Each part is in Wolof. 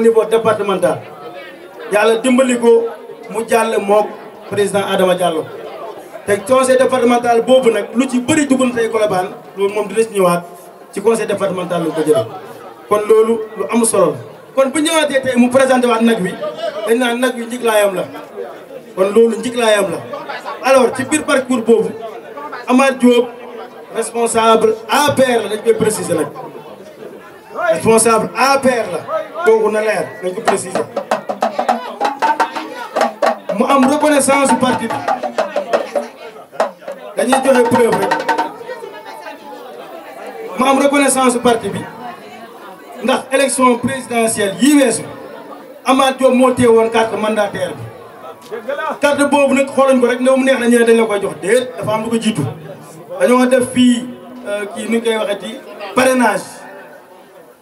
au niveau départemental yàlla dimbali ko mu jàll mook président Adama Diallo te conseil départemental boobu nag lu ci bëri dugg na tey Colobane loolu moom dina ci ñëwaat ci conseil départemental lu ko jëlee kon loolu lu am solo kon bu ñëwaatee tey mu présenté waat nag wi dañ naan nag wi njiglaayam la kon loolu njiglaayam la alors ci biir parcours boobu Amath Diop responsable APR la dañ koy préciser nag responsable APR la kooku na leer nañ ko préciser mu am reconnaissance su parti bi dañuy joxe preuve rek mu am parti bi ndax élection présidentielle yi weesu Amath Diop moo téye woon carte mandataire bi. carte boobu nag xoolañ ko rek ne mu neex na ñu ne dañ la koy jox déet dafa am lu ko jiitu dañoo def fii euh, kii nu ñu koy waxee ci parrainage.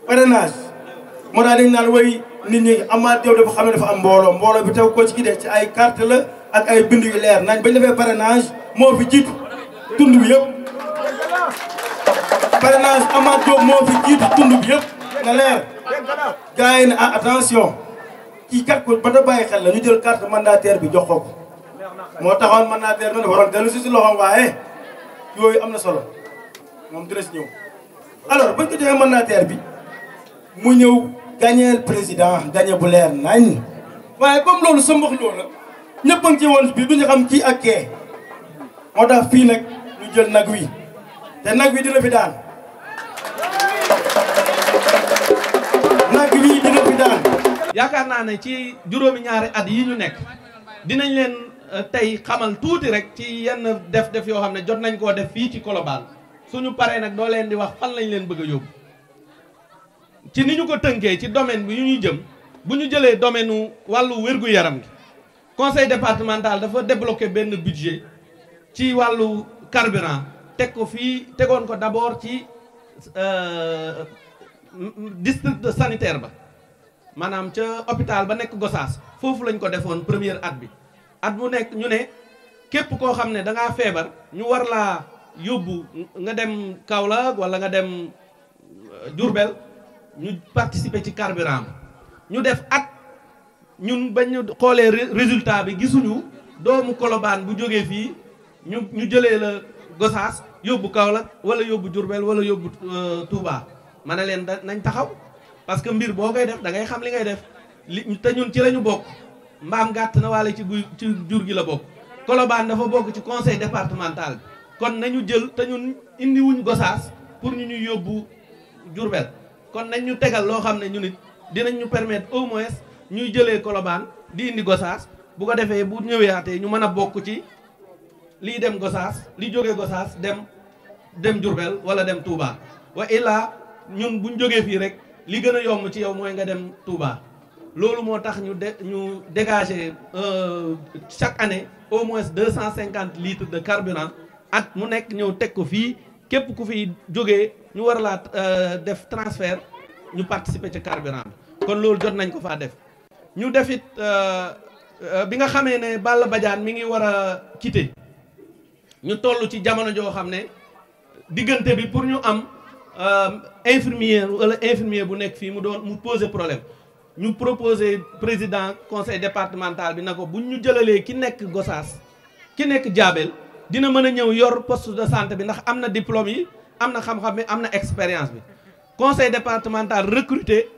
parrainage moo daal dañ naan way nit ñi Amath Diop dafa xam ne dafa am mbooloo mbooloo bi taw ko ci ki de ci ay carte la ak ay bind yu leer nañ bañ defee parrainage moo fi jiitu tund bi yëpp parrainage Amath Diop moo fi jiitu tund bi yëpp na leer gars yi ne ah attention kii kat ko ba bàyyi xel la ñu jël carte mandataire bi jox ko ko moo taxoon mandataire bi dafa waroon dellu si si loxoom waaye yooyu am na solo moom dina si ñëw alors bañ ko joxee mandataire bi mu ñëw gañeel président gañe bu leer nañ waaye comme loolu sa mbox loo la ñëpp a ngi ci woon bi xam kii ak kee fii nag ñu jël nag wi te nag wi dina daan nag wi dina fi daan yaakaar naa ne ci juróomi ñaari at yi ñu nekk dinañ leen euh, tey xamal tuuti rek ci yenn def def yoo xam ne jot nañ koo def fii ci Colobane suñu paree nag doo leen di wax fan lañ leen bëgg a yóbbu ci ni ñu ko tënkee ci domaine bi yu ñuy jëm bu ñu jëlee domaine u wàllu wér yaram gi conseil départemental dafa débloqué benn budget ci wàllu carburant teg ko fii tegoon ko d'abord ci euh, district sanitaire ba maanaam ca hopital ba nekk Gossas foofu lañ ko defoon première at bi at bu nekk ñu ne képp koo xam ne da ngaa feebar ñu war laa yóbbu nga dem Kaolack walla nga dem euh, Diourbel ñu participer ci carburant ñu def ak ñun ba ñu xoolee résultat bi gisuñu doomu kolobaan bu jógee fii ñu ñu jëlee la Gosaas yóbbu Kaolack wala yóbbu Diourbel wala yóbbu euh, Touba ma ne leen nañ taxaw parce que mbir boo koy def da ngay xam li ngay def li te ñun ci la ñu bokk mbaam gàtt na wala ci guy ci jur gi la bokk. Colobane dafa bokk ci conseil départemental bi kon nañu jël te ñun indiwuñ Gosaas pour ñu ñuy yóbbu Diourbel kon nañ ñu tegal loo xam ne ñu nit dinañ ñu permettre au moins ñuy jëlee kolobaan di indi Gossas bu ko defee bu ñëwee ñëweyaatee ñu mën a bokk ci lii dem Gossas li jóge Gossas dem dem Diourbel wala dem Touba wa illa ñun buñ jógee fii rek li gën a yomb ci yow mooy nga dem Touba loolu moo tax ñu de ñu dégager euh, chaque année au moins deux cent cinquante litre de carburant at mu nekk ñëw teg ko fii képp ku fi jógee ñu war laa euh, def transfert ñu participer ci carburant bi kon loolu jot nañ ko faa def ñu def defit euh, euh, bi nga xamee ne Balla Badiane mi ngi war a quitter ñu toll ci jamono joo xam ne diggante bi pour ñu am infirmier wala infirmier bu nekk fii mu doon mu poser problème ñu proposer président conseil départemental bi na ko buñ ñu jëlalee ki nekk gosaas ki nekk jaabel dina mën a ñëw yor post de santé bi ndax am na diplôme yi am na xam-xam bi am na expérience bi conseil départemental recruté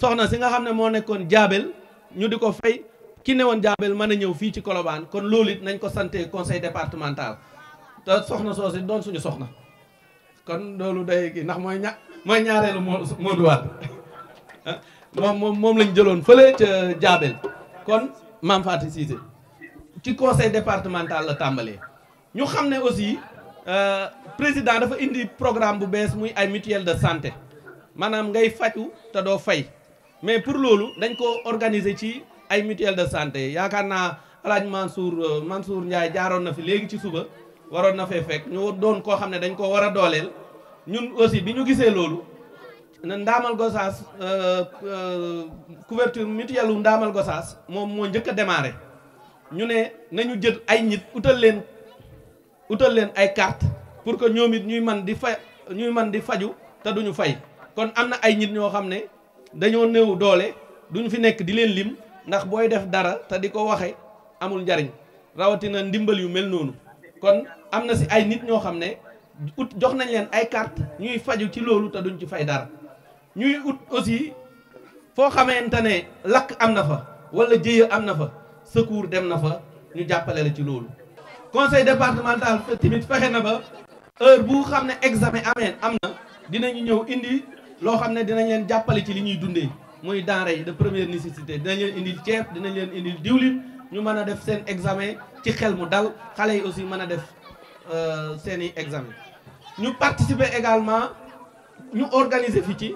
soxna si nga xam ne moo nekkoon jaabel ñu di ko fay ki ne woon jaabel mën a ñëw fii ci Colobane kon loolu it nañ ko santé conseil départemental te soxna soosi doon suñu soxna kon loolu day ndax mooy ña mooy ñaareelu moo moo duwaat moom moom moom lañ jëloon fële ca jaabel kon Mame Fatou Cissé ci conseil départemental la tàmbalee ñu xam ne aussi euh, président dafa indi programme bu bees muy ay mutuelle de santé maanaam ngay faju te doo fay mais pour loolu dañ ko organiser ci ay mutuelle de santé yaakaar naa alaaj Mansour euh, Mansour Ndiaye jaaroon na fi léegi ci suba waroon na fee fekk ñu doon koo xam ne dañ ko war a dooleel ñun aussi bi ñu gisee loolu Ndaamal Gosaas euh, couverture mutuelle Ndaamal Gosaas moom moo njëkk a démarré ñu ne nañu jël ay nit utal leen utal leen ay carte pour que ñoom it ñuy man di fa ñuy man di faju te duñu fay kon am na ay nit ñoo xam ne dañoo néew doole duñu fi nekk di leen lim ndax booy def dara te di ko waxe amul njariñ rawatina ndimbal yu mel noonu kon am na si ay nit ñoo xam ne ut jox nañ leen ay carte ñuy faju ci loolu te duñ ci fay dara ñuy ut aussi foo xamante ne lakk am na fa wala jëye am na fa sa secours dem na fa ñu jàppale la ci loolu conseil départemental tamit fexe na ba heure bu xam ne examen amee am na dinañu ñëw indi loo xam ne dinañ leen jàppale ci li ñuy dundee muy denrée de première nécessité dinañ leen indil ceeb dinañ leen indi diwlin ñu mën a def seen examen ci xel mu dal xale yi aussi mën a def euh, seeni examen ñu participer également ñu organiser fi ci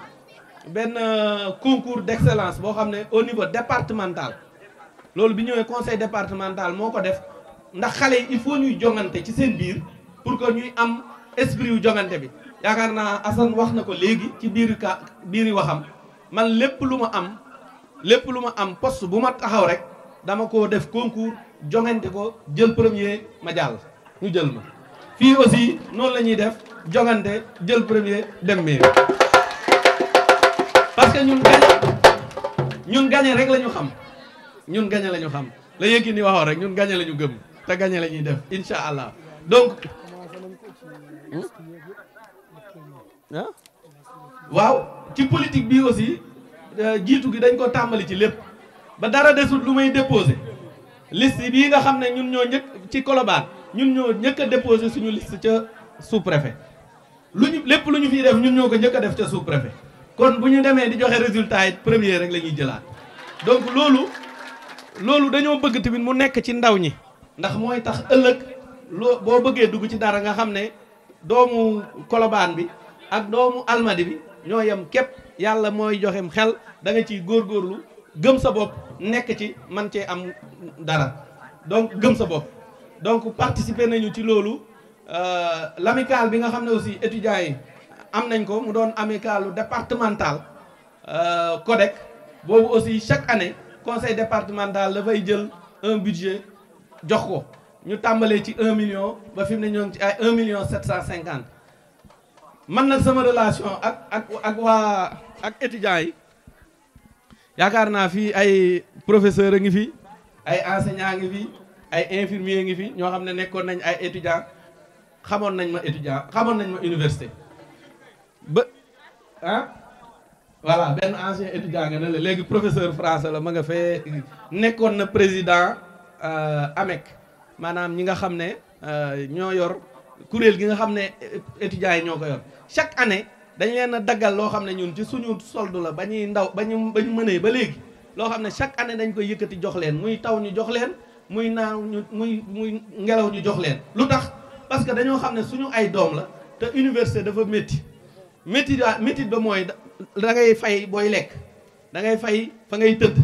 benn euh, concours d'excellence boo xam ne au niveau départemental loolu bi ñëwee conseil départemental moo ko def ndax xale yi il faut ñuy jongante ci seen biir pour que ñuy am esprit yu jongante bi yaakaar naa Assane wax na ko léegi ci biir ka biiri waxam man lépp lu ma am lépp lu ma am post bu ma taxaw rek dama ko def concours jongante ko jël premier ma jàll ñu jël ma fii aussi noonu la ñuy def jongante jël premier dem mairie parce que ñun gañe ñun gañe rek la ñu xam ñun gañe la ñu xam la yëg ni waxoon rek ñun gañe la ñu gëm te gagné la ñuy def incha allah donc. ah. waaw ci politique bi aussi euh, jiitu gi dañ ko tàmbali ci lépp ba dara desul lu may déposé liste bii nga xam ne ñun ñoo njëkk ci Colobane ñun ñoo njëkk déposé suñu liste ca sous lu ñu lépp lu ñu fiy def ñun ñoo ko njëkk a def ca sous-préfet kon bu ñu demee di joxe résultat yi premier rek la ñuy jëlaat donc loolu loolu dañoo bëgg tamit mu nekk ci ndaw ñi. ndax mooy tax ëllëg loo boo bëggee dugg ci dara nga xam ne doomu kolobaan bi ak doomu almady bi ñoo yem képp yàlla mooy joxem xel da nga ciy góorlu gëm sa bopp nekk ci man cee am dara donc gëm sa bopp donc participer nañu ci loolu euh, l'amicale bi nga xam ne aussi étudiants yi am nañ ko mu doon amicalu départemental euh, CODEC boobu aussi chaque année conseil départemental dafay jël un budget jox ko ñu tàmbalee ci un million ba fi mu ne ñoom ci ay un million sept cent cinquante man nag sama relation ak ak ak waa ak étudiants yi yaakaar naa fii ay professeur a ngi fi ay enseignant a ngi fi ay infirmier ngi fi ñoo xam ne nekkoon nañ ay étudiant xamoon nañ ma étudiant xamoon nañ ma université ba ah voilà benn ancien étudiant nga ne la léegi professeur français la ma nga fee nekkoon na président Euh, AMEC maanaam ñi nga xam ne euh, ñoo yor kuréel gi nga xam ne étudiants yi ñoo ko yor chaque année dañ leen a daggal loo xam ne ñun ci suñu soldu la ba ñuy ndaw ba ñu ba ñu mënee ba léegi loo xam ne chaque année dañ koy yëkkati jox leen muy taw ñu jox leen muy naaw ñu muy muy ngelaw ñu jox leen. lu tax parce que dañoo xam ne suñu ay doom la te université dafa métti métti da ba mooy da ngay fay booy lekk da ngay fay fa ngay tëdd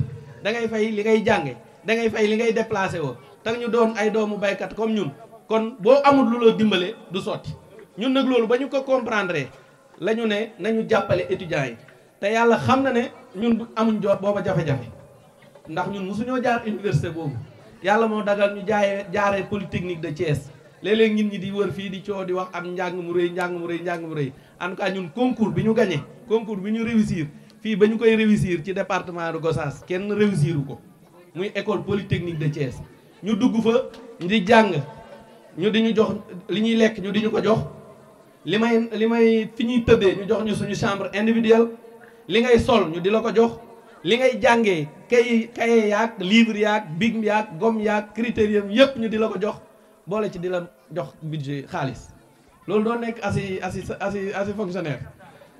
da ngay fay li ngay jànge da ngay fay li ngay déplacé woo tax ñu doon ay doomu baykat comme ñun kon boo amul lu la dimbalee du sotti ñun nag loolu ba ñu ko comprendre la ñu ne nañu jàppale étudiants yi te yàlla xam na ne ñun bu amuñ jot booba jafe-jafe ndax ñun mosuñoo jaar université boobu yàlla moo dagal ñu jaayee jaaree polytechnique de Thiès léeg-léeg nit ñi di wër fii di coow di wax am njàng mu rëy njàng mu rëy njàng mu rëy en tout ñun concours bi ñu gagné concours bi ñu réussir fii ba ñu koy réussir ci département de Gossas kenn réussiru ko muy école polytechnique de Thiès ñu dugg fa di jàng ñu di ñu jox li ñuy lekk ñu di ñu ko jox li may li may fi ñuy tëddee ñu jox ñu suñu chambre individuelle li ngay sol ñu di la ko jox li ngay jàngee kay kaye yaag livre yaag big yaag gomme yaag critérium yépp ñu di la ko jox boole ci di la jox budget xaalis loolu doon nekk assi assi assi assi fonctionnaire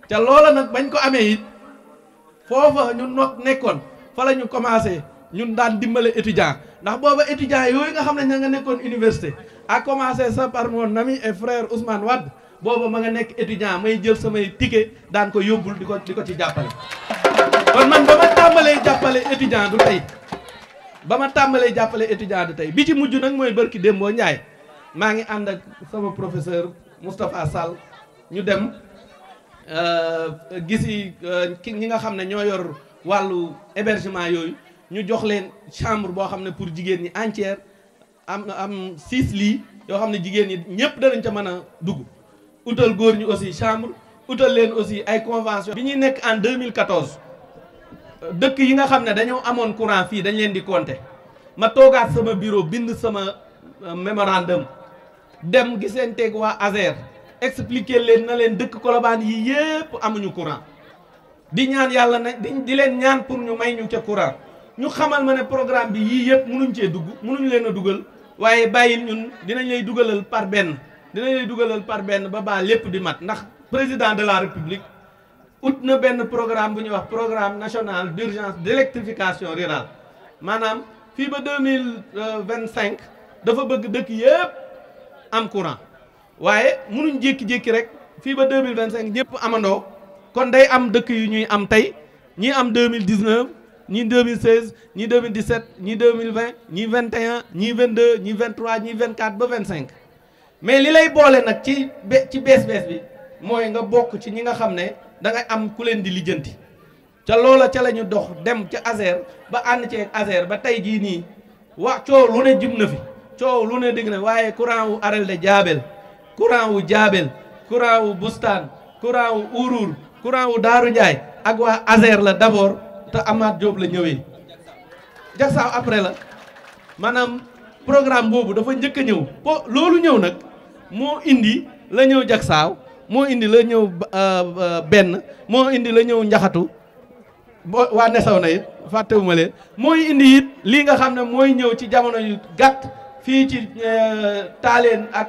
te loola nag bañ ko amee it foofa ñu not nekkoon fa la ñu commencé ñun daan dimbale étudiant ndax booba étudiant yooyu nga xam ne ña nga nekkoon université à commencer ça par mon ami et frère Ousmane Wade booba ma nga nekk étudiant may jël samay ticket daan ko yóbbul di ko di ko ci jàppale kon man ba ma tàmbalee jàppale étudiant du tey ba ma tàmbalee jàppale étudiant du tey bi ci mujj nag mooy bërki démboo Njaay maa ngi ànd ak sama professeur Moustapha sal ñu dem euh, gis gisi euh, ñi nga xam ne ñoo yor wàllu hébergement yooyu ñu jox leen chambre boo xam ne pour jigéen ñi entière am am six lii yoo xam ne jigéen ñi ñëpp danañ ca mën a dugg utal góor ñi aussi chambre utal leen aussi ay convention bi ñuy nekk en mille 2014 dëkk yi nga xam ne dañoo amoon courant fii dañ leen di compter ma toogaat sama bureau bind sama euh, mémorandum dem gisanteeg waa ASER expliquer leen na leen dëkk Colobane yi yépp amuñu courant di ñaan yàlla na di di leen ñaan pour ñu may ñu ca courant ñu xamal ma ne programme bi yii yëpp munuñ cee dugg munuñu leen dugal waaye bàyyil ñun dinañ lay dugalal par benn dinañ lay dugalal par benn ba baal lépp di mat ndax président de la république ut na benn programme bu ñuy wax programme national d'urgence d'électrification rurale maanaam fii ba deux mille euh, vingt cinq dafa bëgg dëkk yëpp am courant waaye munuñ jékki-jékki rek fii ba deux mille vingt cinq ñëpp amandoo kon day am dëkk yu ñuy am tey ñi am deux mille dix neuf ñii ñi ñii 2017 ñii 2020 ñii 21 ñii 22 ñii 23 ñii 24 ba 25. mais li lay boole nag ci be ci bees bees bi mooy nga bokk ci ñi nga xam ne dangay am ku leen di lijjanti ca loola ca la ñu dox dem ca ASER ba ànd ceeg ASER ba tey gii nii wax coow lu ne jib na fi coow lu ne dégg na waaye courant wu Arel de Diabel courant wu Diabel courant wu Bustaan courant wu Ourour courant wu Daaru Njaay ak waa ASER la d'abord. te Amath jóob la ñëwee jagsaaw après la maanaam programme boobu dafa njëkk a ñëw po loolu ñëw nag moo indi la ñëw jagsaaw moo indi la ñëw euh, euh, benn moo indi la ñëw njaxatu bo waa nesaw na it fàttewuma leen mooy indi it lii nga xam ne mooy ñëw ci jamono yu gàtt fii ci euh, taaleen ak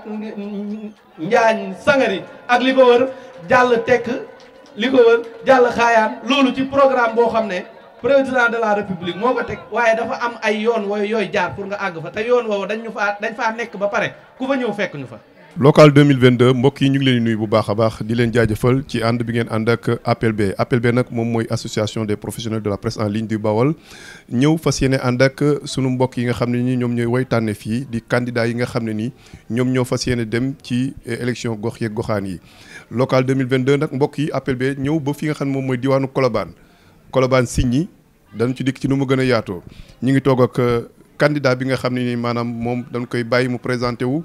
njaañ sangari ak li ko wër jàll tekk li ko wër jàll xaayaan loolu ci programme boo xam ne président de la république moo ko teg waaye dafa am ay yoon wooyu yooyu jaar pour nga àgg fa te yoon woowu dañ ñu faa dañ faa nekk ba pare ku fa ñëw fekk ñu fa. local 2022 mbokk yi ñu ngi leen di nuyu bu baax a baax di leen jaajëfal ci ànd bi ngeen ànd ak APLB APLB nag moom mooy association des professionnels de la presse en ligne du Bawol ñëw fas yéene ànd ak sunu mbokk yi nga xam ne nii ñoom ñooy way fii di candidat yi nga xam ne nii ñoom ñoo fas yéene dem ci élection gox yeeg goxaan yi. local 2022 nag mbokk yi appel be ñëw ba fi nga xam ne moom mooy diwaanu kolobaan Colobane Signy dañu ci dikk ci nu ma gën a yaatoo ñu ngi toog ak euh, candidat bi nga xam ne ni maanaam moom dañ koy bàyyi mu présenté wu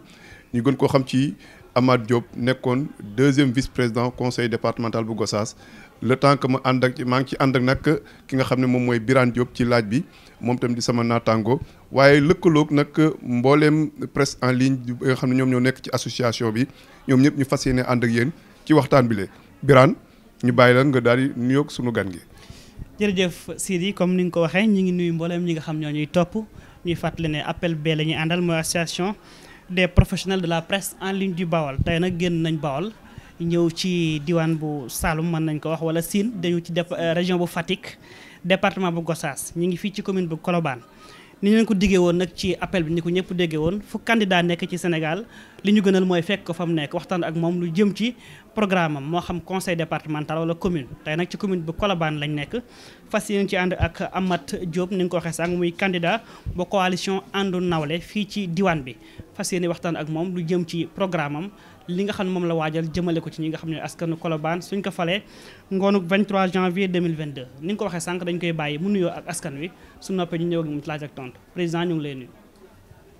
ñu gën koo xam ci Amath Diop nekkoon deuxième vice président conseil départemental bu Gossas le temps que ma ànd ak maa ngi ci ànd ak nag ki nga xam ne moom mooy Birane Diop ci laaj bi moom tamit di sama naataango waaye lëkkaloog nag mbooleem presse en ligne bi nga xam ne ñoom ñoo nekk ci association bi ñoom ñëpp ñu fas yéene ànd ak yéen ci waxtaan bi lee Birane ñu bàyyi lan nga daal di nuyoog sunu gan gi. jërëjëf yi comme ni nga ko waxee ñu ngi nuyu mboolem ñi nga xam ñoo ñuy topp ñuy fàttali ne appel bee la ñuy àndal mooy association des professionnels de la presse en ligne du Baol tey nag génn nañ Baol ñëw ci diwaan bu Saloum mën nañ ko wax wala Sine dañu ci def euh, région bu Fatick département bu Gossas ñu ngi fii ci commune bu Colobane. ni ñu leen ko diggee woon nag ci appel bi ni ko ñëpp déggee woon fu candidat nekk ci Sénégal li ñu gënal mooy fekk ko fa mu nekk waxtaan ak moom lu jëm ci programme am moo xam conseil départemental wala commune tey nag ci commune bu Colobane lañ nekk fas yéen ci ànd ak amat Diop ni nga ko waxee sànq muy candidat ba coalition àndu nawle fii ci diwaan bi fas yéene waxtaan ak moom lu jëm ci programme am li nga xam ne moom la waajal jëmale ko ci ñi nga xam ne askanu Colobane suñ ko falee ngoonuk 23 janvier 2022 ni nga ko waxee sànq dañ koy bàyyi mu nuyoo ak askan wi su noppee ñu ñëw ak mu ak tontu président ñu ngi lay nuyu.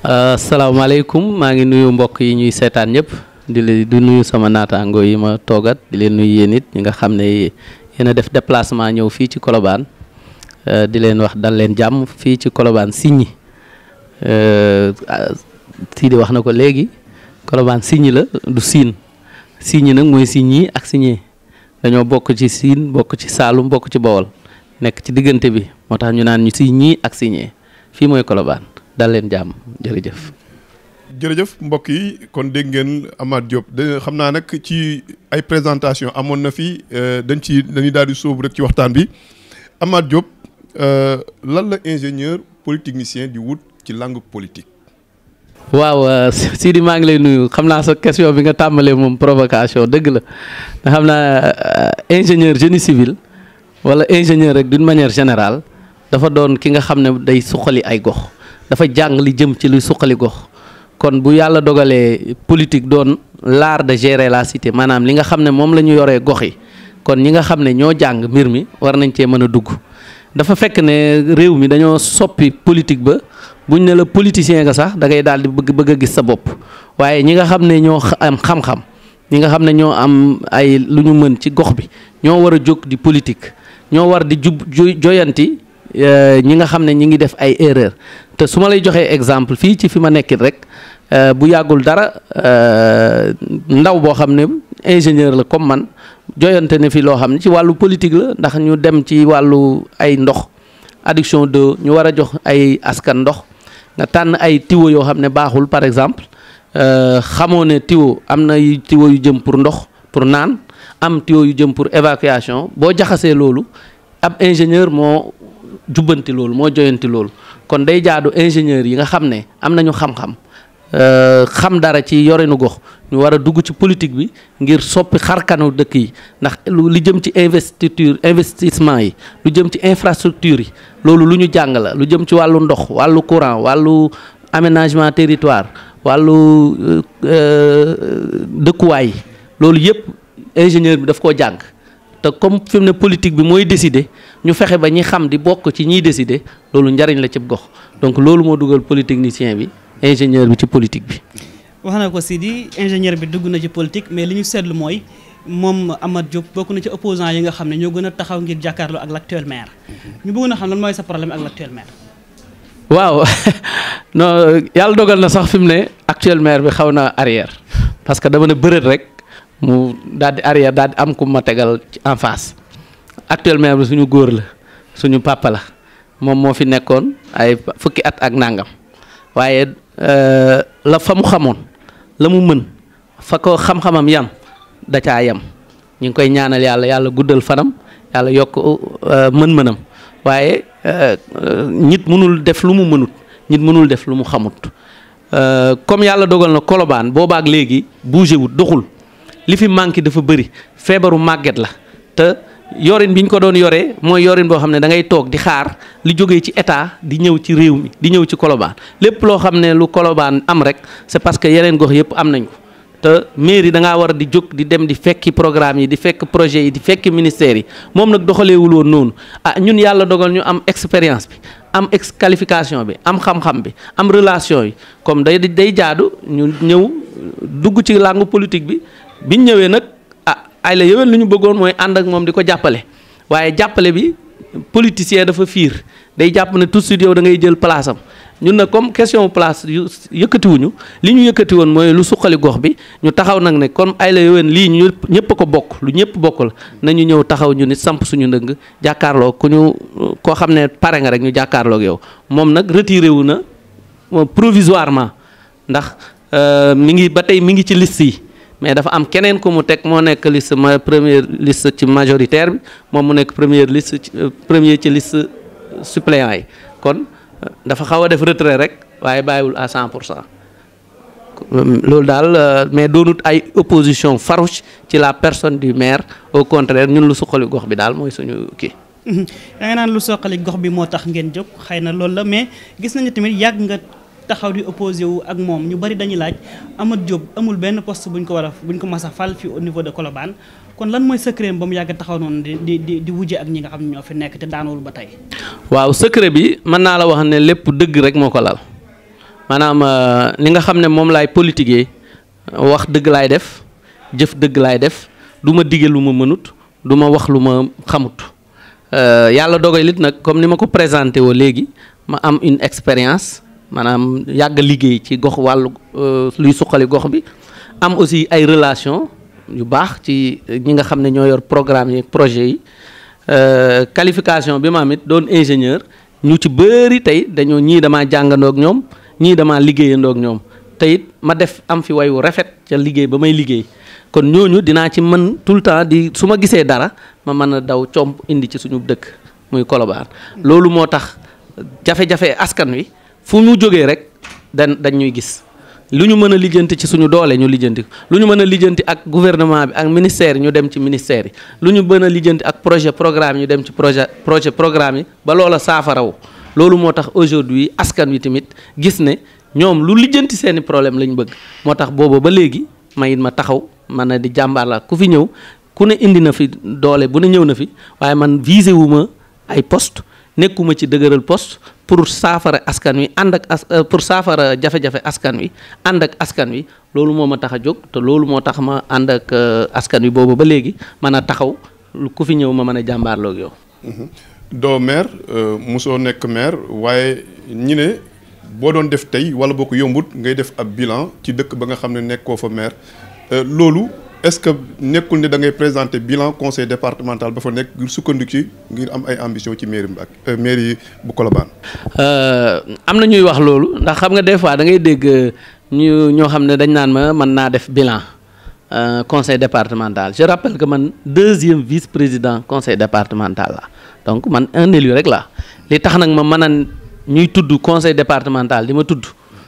Euh, maa ngi nuyu mbokk yi ñuy seetaan ñëpp di la di nuyu sama naataango yi ma toogat di leen nuyu yéen it ñi nga xam ne yéen a def déplacement ñëw fii ci kolobaan euh, di leen wax dal leen jàmm fii ci kolobaan Colobane Signy euh, ah, de wax na ko léegi Colobane signe la du siin signe nag mooy siñi ak signe dañoo bokk ci siin bokk ci saalum bokk ci bawol nekk ci diggante bi moo tax ñu naan ñu signe ak signe fii mooy Colobane dal leen jàmm jërëjëf. jërëjëf mbokk yi kon dégg ngeen Amath Diop xam naa nag ci ay présentation amoon na fi euh, dañ ci dañuy daal di sóobu rek ci waxtaan bi Amath Diop euh, lan la ingénieur polytechnicien di wut ci langu politique. waaw euh, Sidi maa ngi lay nuyu xam naa sa question bi nga tàmbalee moom provocation dëgg la nga xam naa euh, ingénieur génie civil wala ingénieur rek d'une manière général dafa doon ki nga xam ne day suqali ay gox dafa jàng li jëm ci luy suqali gox kon bu yàlla dogalee politique doon l'art de gérer la cité maanaam li nga xam ne moom la ñu yoree gox yi kon ñi nga xam ne ñoo jàng mbir mi war nañ cee mën a dugg dafa fekk ne réew mi dañoo soppi politique ba buñ ne la politicien nga sax da ngay daal di bëgg bëgg a gis sa bopp waaye ñi nga xam ne ñoo am xam ñi nga xam ne ñoo am ay lu ñu mën ci gox bi ñoo war a jóg di politique ñoo war di jub joyanti euh, ñi nga xam ne ñi ngi def ay erreur te su ma lay joxee exemple fii ci fi ma nekkit rek euh, bu yàggul dara euh, ndaw boo xam ne ingénieur la comme man joyante ne fi loo xam ne ci wàllu politique la ndax ñu dem ci wàllu ay ndox adduction de ñu war a jox ay askan ndox nga tànn ay tiwo yoo xam ne baaxul par exemple euh, xamoo ne tiwo am na tiwo yu jëm pour ndox pour naan am tiwo yu jëm pour évacuation boo jaxasee loolu ab ingénieur moo jubbanti loolu moo joyanti loolu kon day jaadu ingénieur yi nga xam ne am nañu xam-xam Euh, xam dara ci nu gox ñu war a dugg ci politique bi ngir soppi xarkanu dëkk yi ndax lu jëm ci investiture investissement yi lu jëm ci infrastructure yi loolu lu ñu jàng la lu jëm ci wàllu ndox wàllu courant wàllu aménagement territoire wàllu euh, euh, dëkkuwaay yi loolu yëpp ingénieur bi daf koo jàng te comme fi ne politique bi mooy décider ñu fexe ba ñi xam di bokk ci ñiy décider loolu njariñ la cib gox donc loolu moo dugal politicien bi ingénieur bi ci politique bi. wax na ko di ingénieur bi dugg na ci politique mais li ñu seetlu mooy moom amat Diop bokk na ci opposant yi nga xam ne ñoo gën a taxaw ngir jàkkaarloo ak l'actuel maire ñu bëggoon a xam lan mooy sa problème ak l'actuel maire. waaw non yàlla dogal na sax fi mu ne actuel bi xaw na arrière parce que dama ne bërët rek mu daal di arrière daal di am ku ma tegal en face actuel maire bi suñu góor la suñu papa moom moo fi nekkoon ay fukki at ak nangam waaye. Euh, la fa mu xamoon la mu mën fa ko xam-xamam yam da yam ñu ngi koy ñaanal yàlla yàlla guddal fanam yàlla yokk euh, mën-mënam waaye euh, nit mënul def lu mu mënut nit mënul def lu mu xamut comme yàlla dogal na kolobaan boobaak léegi bougé wut doxul li fi manqué dafa bëri feebaru màgget la te yorin bi ñu ko doon yore mooy yorin boo xam ne da ngay toog di xaar li jógee ci état di ñëw ci réew mi di ñëw ci kolobaan lépp loo xam ne lu kolobaan am rek c'est parce que yeneen gox yëpp am nañ te mairie da ngaa war di jóg di dem di fekki programme yi di fekk projet yi di fekki ministères yi moom nag doxaleewul woon noonu ah ñun yàlla dogal ñu am expérience bi am ex qualification bi am xam-xam bi am relation yi comme day day jaadu ñu ñëw dugg ci làngu politique bi ay la yëwén lu ñu bëggoon mooy ànd ak moom di ko jàppale waaye jàppale bi politicien dafa fiir day jàpp ne tout de yow da ngay jël place am ñun nag comme question place yu yëkkatiwuñu li ñu yëkkati woon mooy lu suqali gox bi ñu taxaw nag ne comme ay la yowén lii ñu ñëpp ko bokk lu ñëpp bokk la nañu ñëw taxaw ñu nit samp suñu ndëng jàkkaarloo ku ñu koo xam ne pare nga rek ñu jàkkaarloo yow moom nag retiré wu na provisoirement ndax euh, mi ngi ba mais dafa am keneen ko mu teg moo nekk liste ma première liste ci majoritaire bi moom mu nekk première liste ci euh, premier ci liste suppléant yi kon euh, dafa xaw a def retrait rek waaye bàyyiwul à cent pour cent euh, loolu daal mais doonut ay opposition farouche ci la personne du maire au contraire ñun lu suqali gox bi daal mooy suñu kii. da nga naan lu suqali gox bi moo tax ngeen jóg xëy na loolu la mais gis nañu tamit yàgg nga. taxaw di opposé wu ak moom ñu bari dañuy laaj amat Diop amul benn poste buñ ko war a buñ ko masa a fal fii au niveau de Colobane kon lan mooy secret ba mu yàgg taxaw noonu di di di wujje ak ñi nga xam ne ñoo fi nekk te daanuwul ba tey. waaw secret bi mën naa la wax ne lépp dëgg rek moo ko lal li euh, nga xam ne moom laay politiquer wax dëgg laay def jëf dëgg laay def du ma dige lu ma mënut du ma wax lu ma xamut. Euh, yàlla dogal it nag comme ni ma ko présenté woo léegi ma am une expérience maanaam yàgg liggéey ci gox wàllu euh, luy suqali gox bi am aussi ay relation yu baax ci ñi nga xam ne ñoo yor programme yi projet yi euh, qualification bi ma am doon ingénieur ñu ci bëri tey dañoo ñii damaa jàngandoo ak ñoom ñii damaa liggéeyandoo ak ñoom tey it ma def am fi wayu rafet ca liggéey ba may liggéey kon ñooñu dinaa ci mën tout le temps di su ma gisee dara ma mën a daw comp indi ci suñu dëkk muy Colobane loolu moo tax jafe-jafe askan wi fu mu jógee rek dañ dañ ñuy gis lu ñu mën a lijjanti ci suñu doole ñu lijjanti lu ñu mën a lijjanti ak gouvernement bi ak ministère yi ñu dem ci ministère yi lu ñu mën a lijjanti ak projet programme ñu dem ci projet projet programme yi ba loola saafarawu loolu moo tax aujourd'hui askan wi tamit gis ne ñoom lu lijjanti seeni problème lañ bëgg moo tax booba ba léegi may it ma taxaw man na di jàmbaar ku fi ñëw ku ne indi na fi doole bu ne ñëw na fi waaye man visé wu ay post nekkuma ci dëgëral poste pour saafara askan wi ànd ak euh, pour saafara jafe askan wi ànd ak askan wi loolu moo ma tax a jóg te loolu moo tax ma ànd ak euh, askan wi boobu ba léegi mën a taxaw ku fi ñëw ma mën a jàmbaarloo ak mhm. doo maire euh, mosoo nekk maire waaye ñi ne boo doon def tey wala boo ko yombut ngay def ab bilan ci dëkk ba nga xam ne nekkoo fa maire loolu. est-ce que nekkul ni da ngay présenter bilan conseil départemental ba fa nekk ngir sukkandiku ci ngir am ay ambition ci mairie Mbacke euh, mairie bu Colobane. Euh, am na ñuy wax loolu ndax xam nga des fois da ngay dégg euh, ñu ñoo xam ne dañ naan ma mën naa def bilan conseil départemental je rappelle que man deuxième vice-président conseil départemental la donc man un élu rek la li tax nag ma mën a ñuy tudd conseil départemental di ma tudd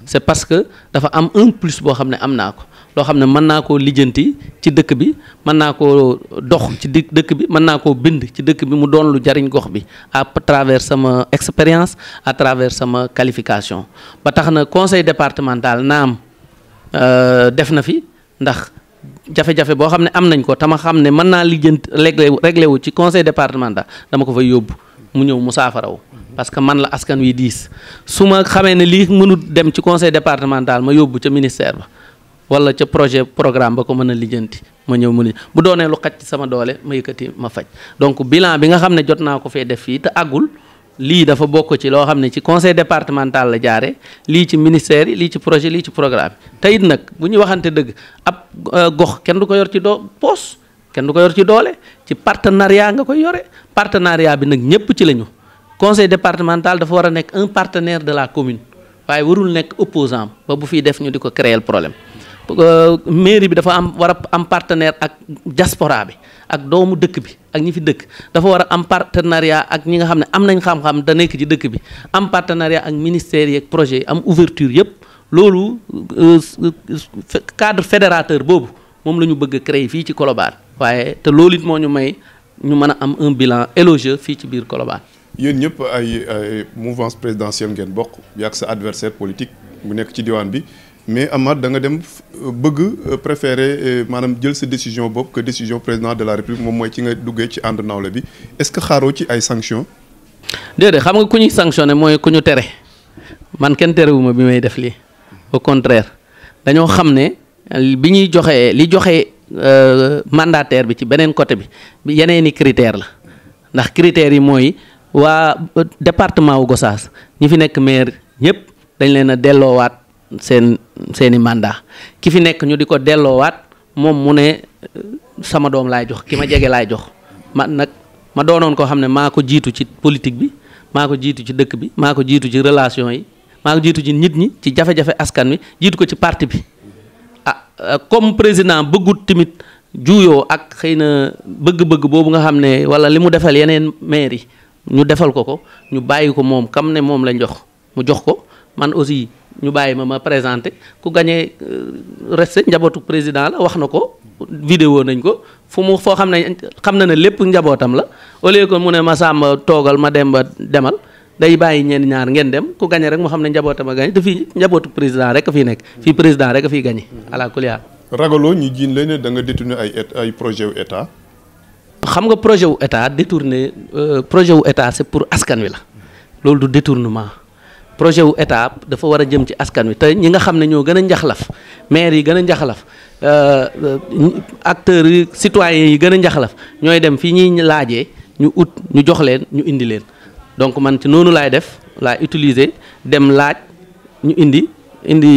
c'est parce que dafa am un plus boo xam ne am naa ko. loo xam ne mën naa koo lijjanti ci dëkk bi mën naa koo dox ci di dëkk bi mën naa koo bind ci dëkk bi mu doon lu jariñ gox bi à travers sama expérience à travers sama qualification ba tax na conseil départemental naam euh, def na fi ndax jafe-jafe boo xam ne am nañ ko tama xam ne mën naa lijjanti réglé réglé wu ci conseil départemental dama ko fa yóbbu mu ñëw mu saafaraw parce que man la askan wi diis su ma xamee ne lii mënut dem ci conseil départemental ma yóbbu ca ministère ba wala ca projet programme ba ko mën a lijjanti ma ñëw mu bu doonee lu xaj ci sama doole ma yëkkati ma faj donc bilan bi nga xam ne jot naa ko fee def fii te aggul lii dafa bokk ci loo xam ne ci conseil départemental la jaare lii ci ministère yi lii ci projet lii ci programme te it nag bu ñu waxante dëgg ab euh, gox kenn du ko yor ci doo poos kenn du ko yor ci doole ci partenariat nga koy yore partenariat bi nag ñëpp ci lañu conseil départemental dafa war a nekk un partenaire de la commune waaye warul nekk opposant bu fiy def ñu di ko créer problème Euh, mairie bi dafa am war a am partenaire ak diaspora bi ak doomu dëkk bi ak ñi fi dëkk dafa war a am partenariat ak ñi nga xam ne am nañ xam-xam da nekk ci dëkk bi am partenariat ak ministères yi ak projet yi am ouverture yëpp loolu euh, euh, cadre fédérateur boobu moom la ñu bëgg a créer fii ci Colobane waaye te loolu it moo ñu may ñu mën a am un bilan élogieux fii ci biir Colobane. yéen ñëpp ay mouvance présidentielle ngeen bokk yàgg sa adversaire politique bu nekk ci diwaan bi. mais Amath da nga dem euh, bëgg euh, préférer euh, maanaam jël si décision bopp que décision président de la république moom mooy ci nga duggee ci ànd nawle bi est-ce que xaaroo ci ay sanctions. déedéet xam nga ku ñuy sanctionné mooy ku ñu tere man kenn terewuma bi may def lii au contraire dañoo xam ne bi ñuy joxee li joxe mandataire bi ci beneen côté bi yeneen i critères la ndax critères yi mooy waa département wu Gossas ñi fi nekk maire ñëpp dañ leen a delloowaat. seen seeni mandat ki fi nekk ñu di ko delloowaat moom mu ne sama doom laay jox ki ma jege laay jox ma nag ma doonoon koo xam ne maa ko jiitu ci politique bi maa ko jiitu ci dëkk bi maa ko jiitu ci relation yi maa ko jiitu ci nit ñi ci jafe-jafe askan wi jiitu ko ci parti bi ah euh, comme président bëggu tamit juuyoo ak xëy na bëgg-bëgg boobu nga xam ne wala li mu defal yeneen maire yi ñu defal ko ko ñu bàyyi ko moom kam ne moom lañ jox mu jox ko man aussi ñu bàyyi ma ma présenté ku gagné euh, resté njabootu président la wax na ko. vidéo nañ ko fu mu foo xam ne xam na ne lépp njabootam la au que mu ne ma sàmm toogal ma dem ba demal day bàyyi ñeen ñaar ngeen dem ku rek mu xam ne njabootam a gagné te fii njabootu président rek a fi nekk. fii président rek a fiy gagné. Mm-hmm. ala kulli ragaloo ñu jiin la ne da nga détourné ay ay projet wu état. xam nga projet wu état détourné euh, projet wu état c'est pour askan wi la loolu du détournement. projet wu état dafa war a jëm ci askan wi te ñi nga xam ne ñoo gën a njaxlaf maire yi gën a njaxlaf euh, acteurs yi citoyens yi gën a njaxlaf ñooy dem fii ñuy laajee ñu ut ñu jox leen ñu indi leen donc man ci noonu laay def laay utiliser dem laaj ñu indi indi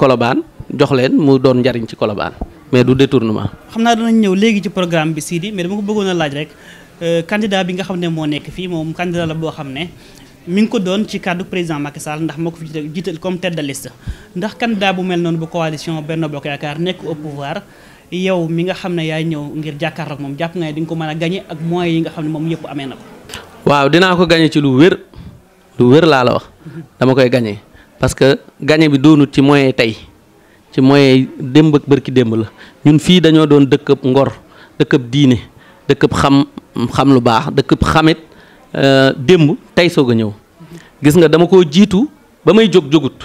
kolobaan euh, jox leen mu doon njariñ ci kolobaan mais du détournement. xam naa danañ ñëw léegi ci programme bi Sidi mais dama ko bëggoon a laaj rek euh, candidat bi nga xam ne moo nekk fii moom candidat la boo xam ne. mi ngi ko doon ci kàddu président Macky Sall ndax moo ko fi jiital comme tête de liste ndax candidat bu mel noonu bu coalition Benno Bokk Yaakaar nekk au yow mi nga xam ne yaay ñëw ngir jàkkaarloog moom jàpp nga ne di ko mën a gañe ak moyens yi nga xam ne moom yëpp amee na ko. waaw dinaa ko gañe ci lu wér lu wér laa la wax dama koy gañe parce que gañe bi doonut ci moyens tey ci moyens démb ak bërki démb la ñun fii dañoo doon dëkk dëkkab ngor dëkkab diine dëkkab xam lu baax Euh, démb tey soog a ñëw gis nga dama koo jiitu ba may jóg jógut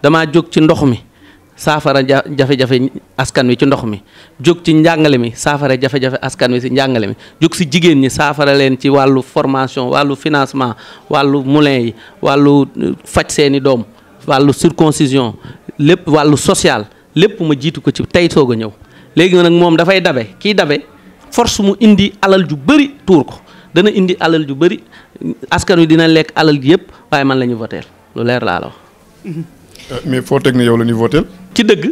damaa jóg ci ndox mi saafara jafe-jafe askan wi ci ndox mi jóg ci njàngale mi saafara jafe askan wi njàngale mi jóg si jigéen ñi saafara leen ci wàllu formation wàllu financement wàllu moulin yi wàllu euh, faj seeni doom wàllu circoncision lépp wàllu social lépp ma jiitu ko ci tey soog a ñëw léegi nag moom dafay dabe kii dabe force mu indi alal ju bëri tuur ko dana indi alal yu bari askan wi dina lekk alal ji yëpp waaye man la ñu voteel lu leer laa la wax. Euh, mais foo teg ne yow la ñuy voteel. ci dëgg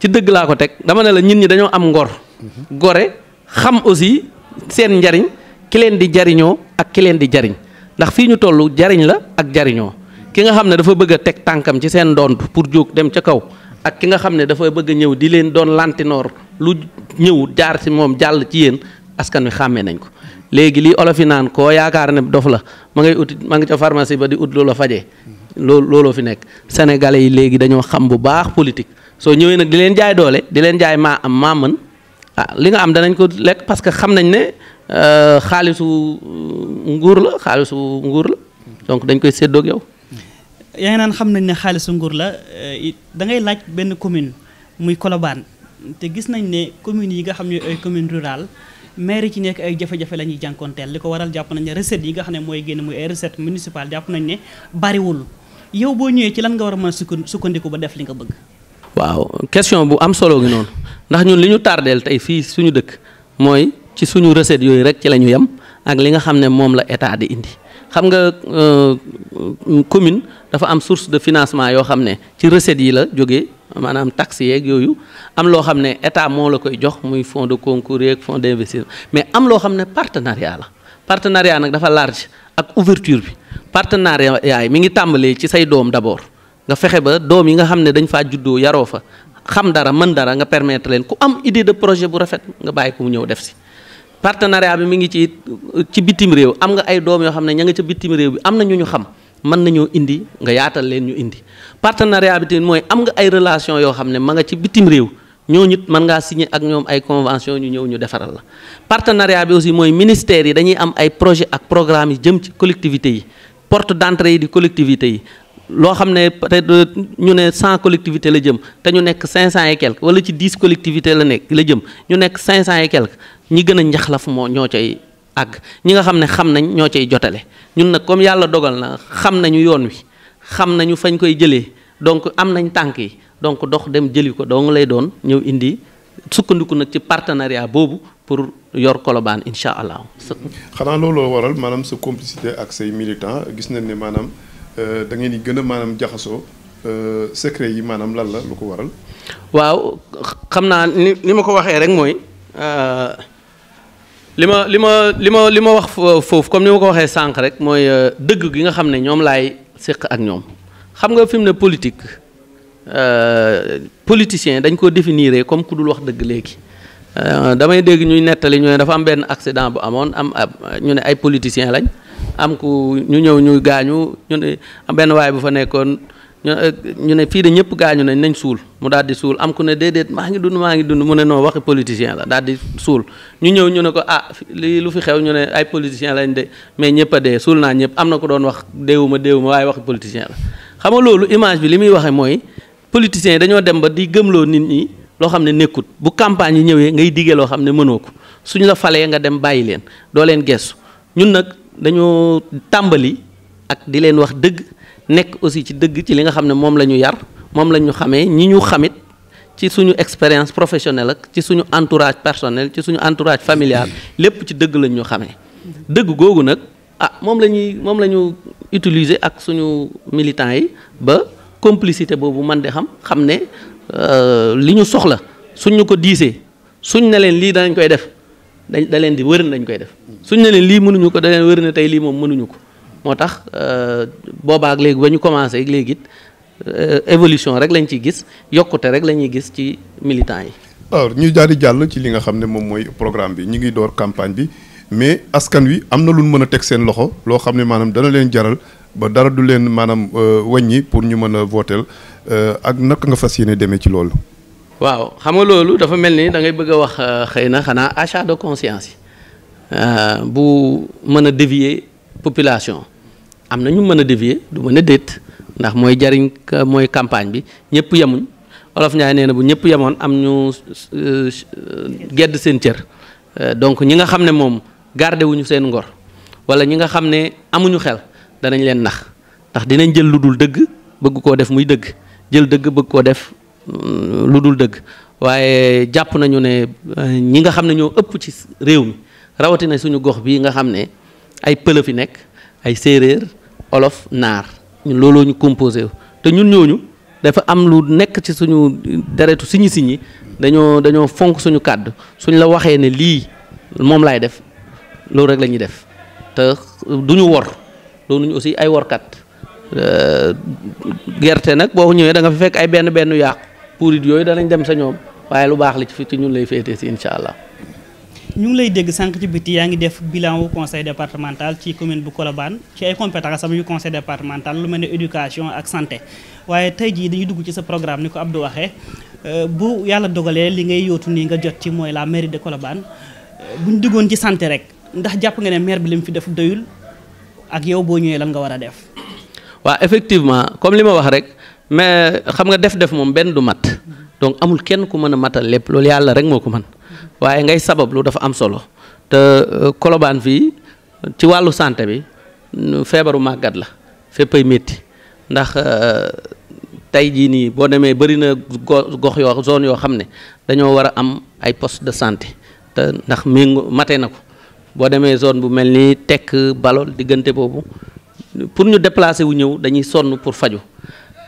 ci dëgg laa ko teg dama ne la ñit ñi dañoo am ngor. Mhm. gore xam aussi seen njariñ ki leen di jariñoo ak ki leen di jariñ ndax fii ñu toll jariñ la ak jariñoo ki nga xam ne dafa bëgg a teg tànkam ci seen dont pour jóg dem ca kaw. ak ki nga xam ne dafa bëgg a ñëw di leen doon lantinoor lu ñëw jaar ci moom jàll ci yéen askan wi xàmmee nañ ko léegi lii olof yi naan koo yaakaar ne dof la ma ngay uti ma ngi ca pharmacie ba di ut loola fajee loolu looloo fi nekk sénégalais yi léegi dañoo xam bu baax politique soo ñëwee nag di leen jaay doole di leen jaay maa am maa mën ah li nga am danañ ko lekk parce que xam nañ ne euh, xaalisu euh, nguur la xaalisu nguur donc dañ koy séddoog yow. xam nañ ne xaalisu nguur la euh, da ngay laaj benn commune muy Colobane te gis nañ ne communes yi nga xam ne ay commune rurale maire yi ci nekk ay jafe-jafe la ñuy jànkonteel li ko waral jàpp nañ ne recettes yi nga xam ne mooy génn muy ay recette municipale ne bariwul yow boo ñëwee ci lan nga war a mën a sukkandiku ba def li nga bëgg waaw question bu am solo noonu ndax ñun li ñu tardeel tey fii suñu dëkk mooy ci suñu recette yooyu rek ci la ñu yem ak li nga xam ne moom la état di indi xam nga euh, commune dafa am source de financement yoo xam ne ci recettes yi la jóge maanaam taxes yeeg yooyu am loo xam ne état moo la koy jox muy fonds de concours yeeg fonds d'investissement mais am loo xam ne partenariat la partenariat nag dafa large ak ouverture bi partenariat yaay mi ngi tàmbalee ci say doom d'abord nga fexe ba doom yi nga xam ne dañ faa juddoo yaroo fa xam dara mën dara nga permettre leen ku am idée de projet bu rafet nga bàyyi ko ñëw def si partenariat bi mu ngi ci ci bitim réew am nga ay doom yoo xam ne ña nga ca bitim réew bi am na ñu xam mën nañoo indi nga yaatal leen ñu indi partenariat bi tamit mooy am nga ay relation yoo xam ne ma nga ci bitim réew ñooñu it mën ngaa signé ak ñoom ay convention ñu ñëw ñu defaral la partenariat bi aussi mooy ministères yi dañuy am ay projet ak programme yi jëm ci collectivités yi porte d'entrée yi di collectivités yi loo xam ne peut-être ñu ne cent collectivités la jëm te ñu nekk cinq cent et quelque wala ci dix collectivités la nekk la jëm ñu nekk cinq cent et ñi gën a njaxlaf moo ñoo cay àgg ñi nga xam ne xam nañ ñoo cay jotale ñun nag comme yàlla dogal na xam nañu yoon wi xam nañu fañ koy jëlee donc am nañ tànk yi donc dox dem jëli ko dong lay doon ñëw indi sukkandiku nag ci partenariat boobu pour yor Colobane incha allah. xanaa looloo waral maanaam sa complicité ak say militants gis nañ ne maanaam euh, da ngeen di gën a maanaam jaxasoo euh, secret yi maanaam lan la lu ko waral. waaw xam naa ni ma ko waxee rek mooy. Euh, li ma li ma li ma li ma wax foofu comme ni ma ko waxee sànq rek mooy euh, dëgg gi nga xam ne ñoom laay séq ak ñoom xam nga fi mu ne politique euh, politicien dañ ko définir comme ku dul wax dëgg léegi euh, damay dégg ñuy nettali ñu ne dafa am benn accident bu amoon am ñu ne ay politicien lañ am ku ñu ñëw ñu gaañu ñu ne benn waay bu fa nekkoon. Eh, ñu ne fii de ñëpp gaañu nañ nañ suul mu daal di suul am ku ne déedéet maa ngi dund maa ngi dund mu ne noo waxi politicien la daal di suul ñu ñëw ñu ne ko ah lii lu fi xew ñu ne ay politicien lañ de mais ñëpp a dee suul naa ñëpp am na ko doon wax déewuma déewuma waaye waxi politicien la xam nga loolu image bi li muy waxee mooy politiciens yi dañoo dem ba di gëmloo nit ñi loo xam ne nekkut bu campagne yi ñëwee ngay diggee loo xam ne mënoo ko suñu la falee nga dem bàyyi leen doo leen gestu ñun nag dañoo tàmbali ak leen wax dëgg nekk aussi ci dëgg ci li nga xam ne moom la ñu yar moom la ñu xamee ñi ñu xamit ci suñu expérience professionnel ak ci suñu entourage personnel ci suñu entourage familial lépp ci dëgg lañ ñu xamee dëgg googu nag ah moom la ñuy moom la ñu utiliser ak suñu militants yi ba complicité boobu man di xam xam ne euh, li ñu soxla suñ ñu ko diisee suñ ne leen lii danañ koy def dañ da di wër nañ koy def suñ ne leen lii mënuñu ko da leen na tey lii moom mënuñu ko moo tax euh, boobaak léegi ba ñu commencé léegi it euh, évolution rek lañ ci gis yokkute rek la ñuy gis ci militants yi. alors ñu daal jàll ci li nga xam ne moom mooy programme bi ñu ngi door campagne bi mais askan wi am na lu mën a teg seen loxo loo xam ne maanaam dana leen jaral ba dara du leen maanaam euh, waññi pour ñu mën a vooteel ak naka nga fas yéene demee ci loolu. waaw xam nga loolu dafa mel ni da ngay bëgg a wax xëy na xanaa achat de conscience yi bu mën a dévier. population am na ñu mën a dévier du mën déet ndax mooy jariñ mooy campagne bi ñëpp yemuñ olof Ndiaye nee na bu ñëpp yemoon am ñu euh, euh, gedd seen cër euh, donc ñi nga xam ne moom garde wuñu seen ngor wala ñi nga xam ne amuñu xel danañ leen nax ndax dinañ jël lu dul dëgg bëgg koo def muy dëgg jël dëgg bëgg koo def mm, lu dul dëgg waaye jàpp nañu ne ñi nga xam ne ñoo ëpp ci réew mi rawatina suñu gox bii nga xam ne. ay pël fi nekk ay séeréer olof naar looloo ñu composé te ñun ñooñu dafa am lu nekk ci suñu deretu siñi siñi dañoo dañoo fonk suñu kàddu suñ la waxee ne lii moom laay def loolu rek lañuy def te du ñu wor loolu ñu aussi ay workat euh, gerte nag boo ñëwee da nga fi fekk ay benn benn yàqu pour yooyu danañ dem sa ñoom waaye lu baax li ci fi ci ñun lay féetee si incha allah. ñu ngi lay dégg sànq ci biti yaa ngi def bilan wu conseil départemental ci commune bu Colobane ci ay compétence am yu conseil départemental lu mel ne éducation ak santé waaye tey jii dañuy dugg ci sa programme ni ko Abdou waxee euh, bu yàlla dogalee li ngay yootu nii nga jot ci mooy la mairie de Colobane euh, bu ñu duggoon ci santé rek ndax jàpp nga ne maire bi li mu fi def doyul ak yow boo ñëwee lan nga war a def. waaw effectivement comme li ma wax rek mais xam nga def-def moom benn du mat mm-hmm. donc amul kenn ku mën a matal lépp loolu yàlla rek moo ko mën. waaye ngay sabablu dafa am solo te kolobaan euh, fii ci wàllu santé bi mm, feebaru màggat la féppay métti ndax euh, tey jii nii boo demee bëri na gox yoo zone yoo xam ne dañoo war a am ay poste de santé te ndax méngo mate na ko boo demee zone bu mel ni tekk balol diggante boobu pour ñu déplacer wu ñëw dañuy sonn pour faju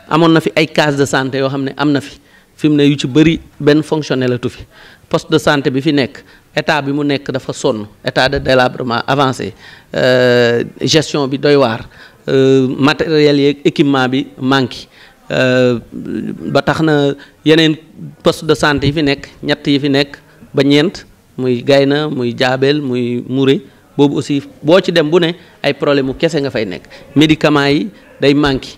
amoon na fi ay case de santé yoo xam ne am na fi fi mu ne yu ci bëri benn fonctionnaire la tu fi poste de santé bi fi nekk état bi mu nekk dafa sonn état de délabrement avancé euh, gestion bi doy waar euh, matériel yeeg équipement bi manqué euh, ba tax na yeneen poste de santé yi fi nekk ñett yi fi nekk ba ñeent muy Gayna muy Jaabel muy Muré boobu aussi boo ci dem bu ne ay problème mu kese nga fay nekk médicament yi day manqué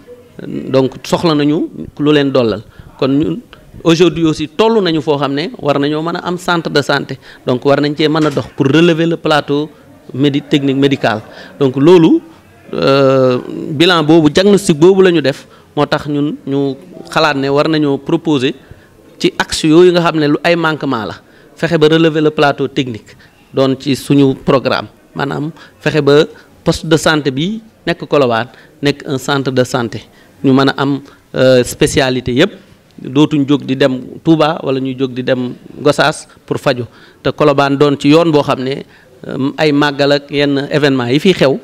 donc soxla nañu lu leen dollal kon ñun aujourd'hui aussi toll nañu foo xam ne war nañoo mën a am centre de santé donc war nañ cee mën a dox pour relever le plateau médi technique médical donc loolu euh, bilan boobu diagnostic boobu la ñu def moo tax ñun ñu xalaat ne war nañoo proposer ci axe yooyu nga xam ne lu ay manquement la fexe ba relever le plateau technique doon ci suñu programme maanaam fexe ba poste de santé bi nekk Colobane nekk un centre de santé ñu mën a am euh, spécialité yépp dootuñ jóg di dem Touba wala ñuy jóg di dem Gosaas pour faju te Colobane doon ci yoon boo xam ne euh, ay màggal ak yenn événement yi fiy xew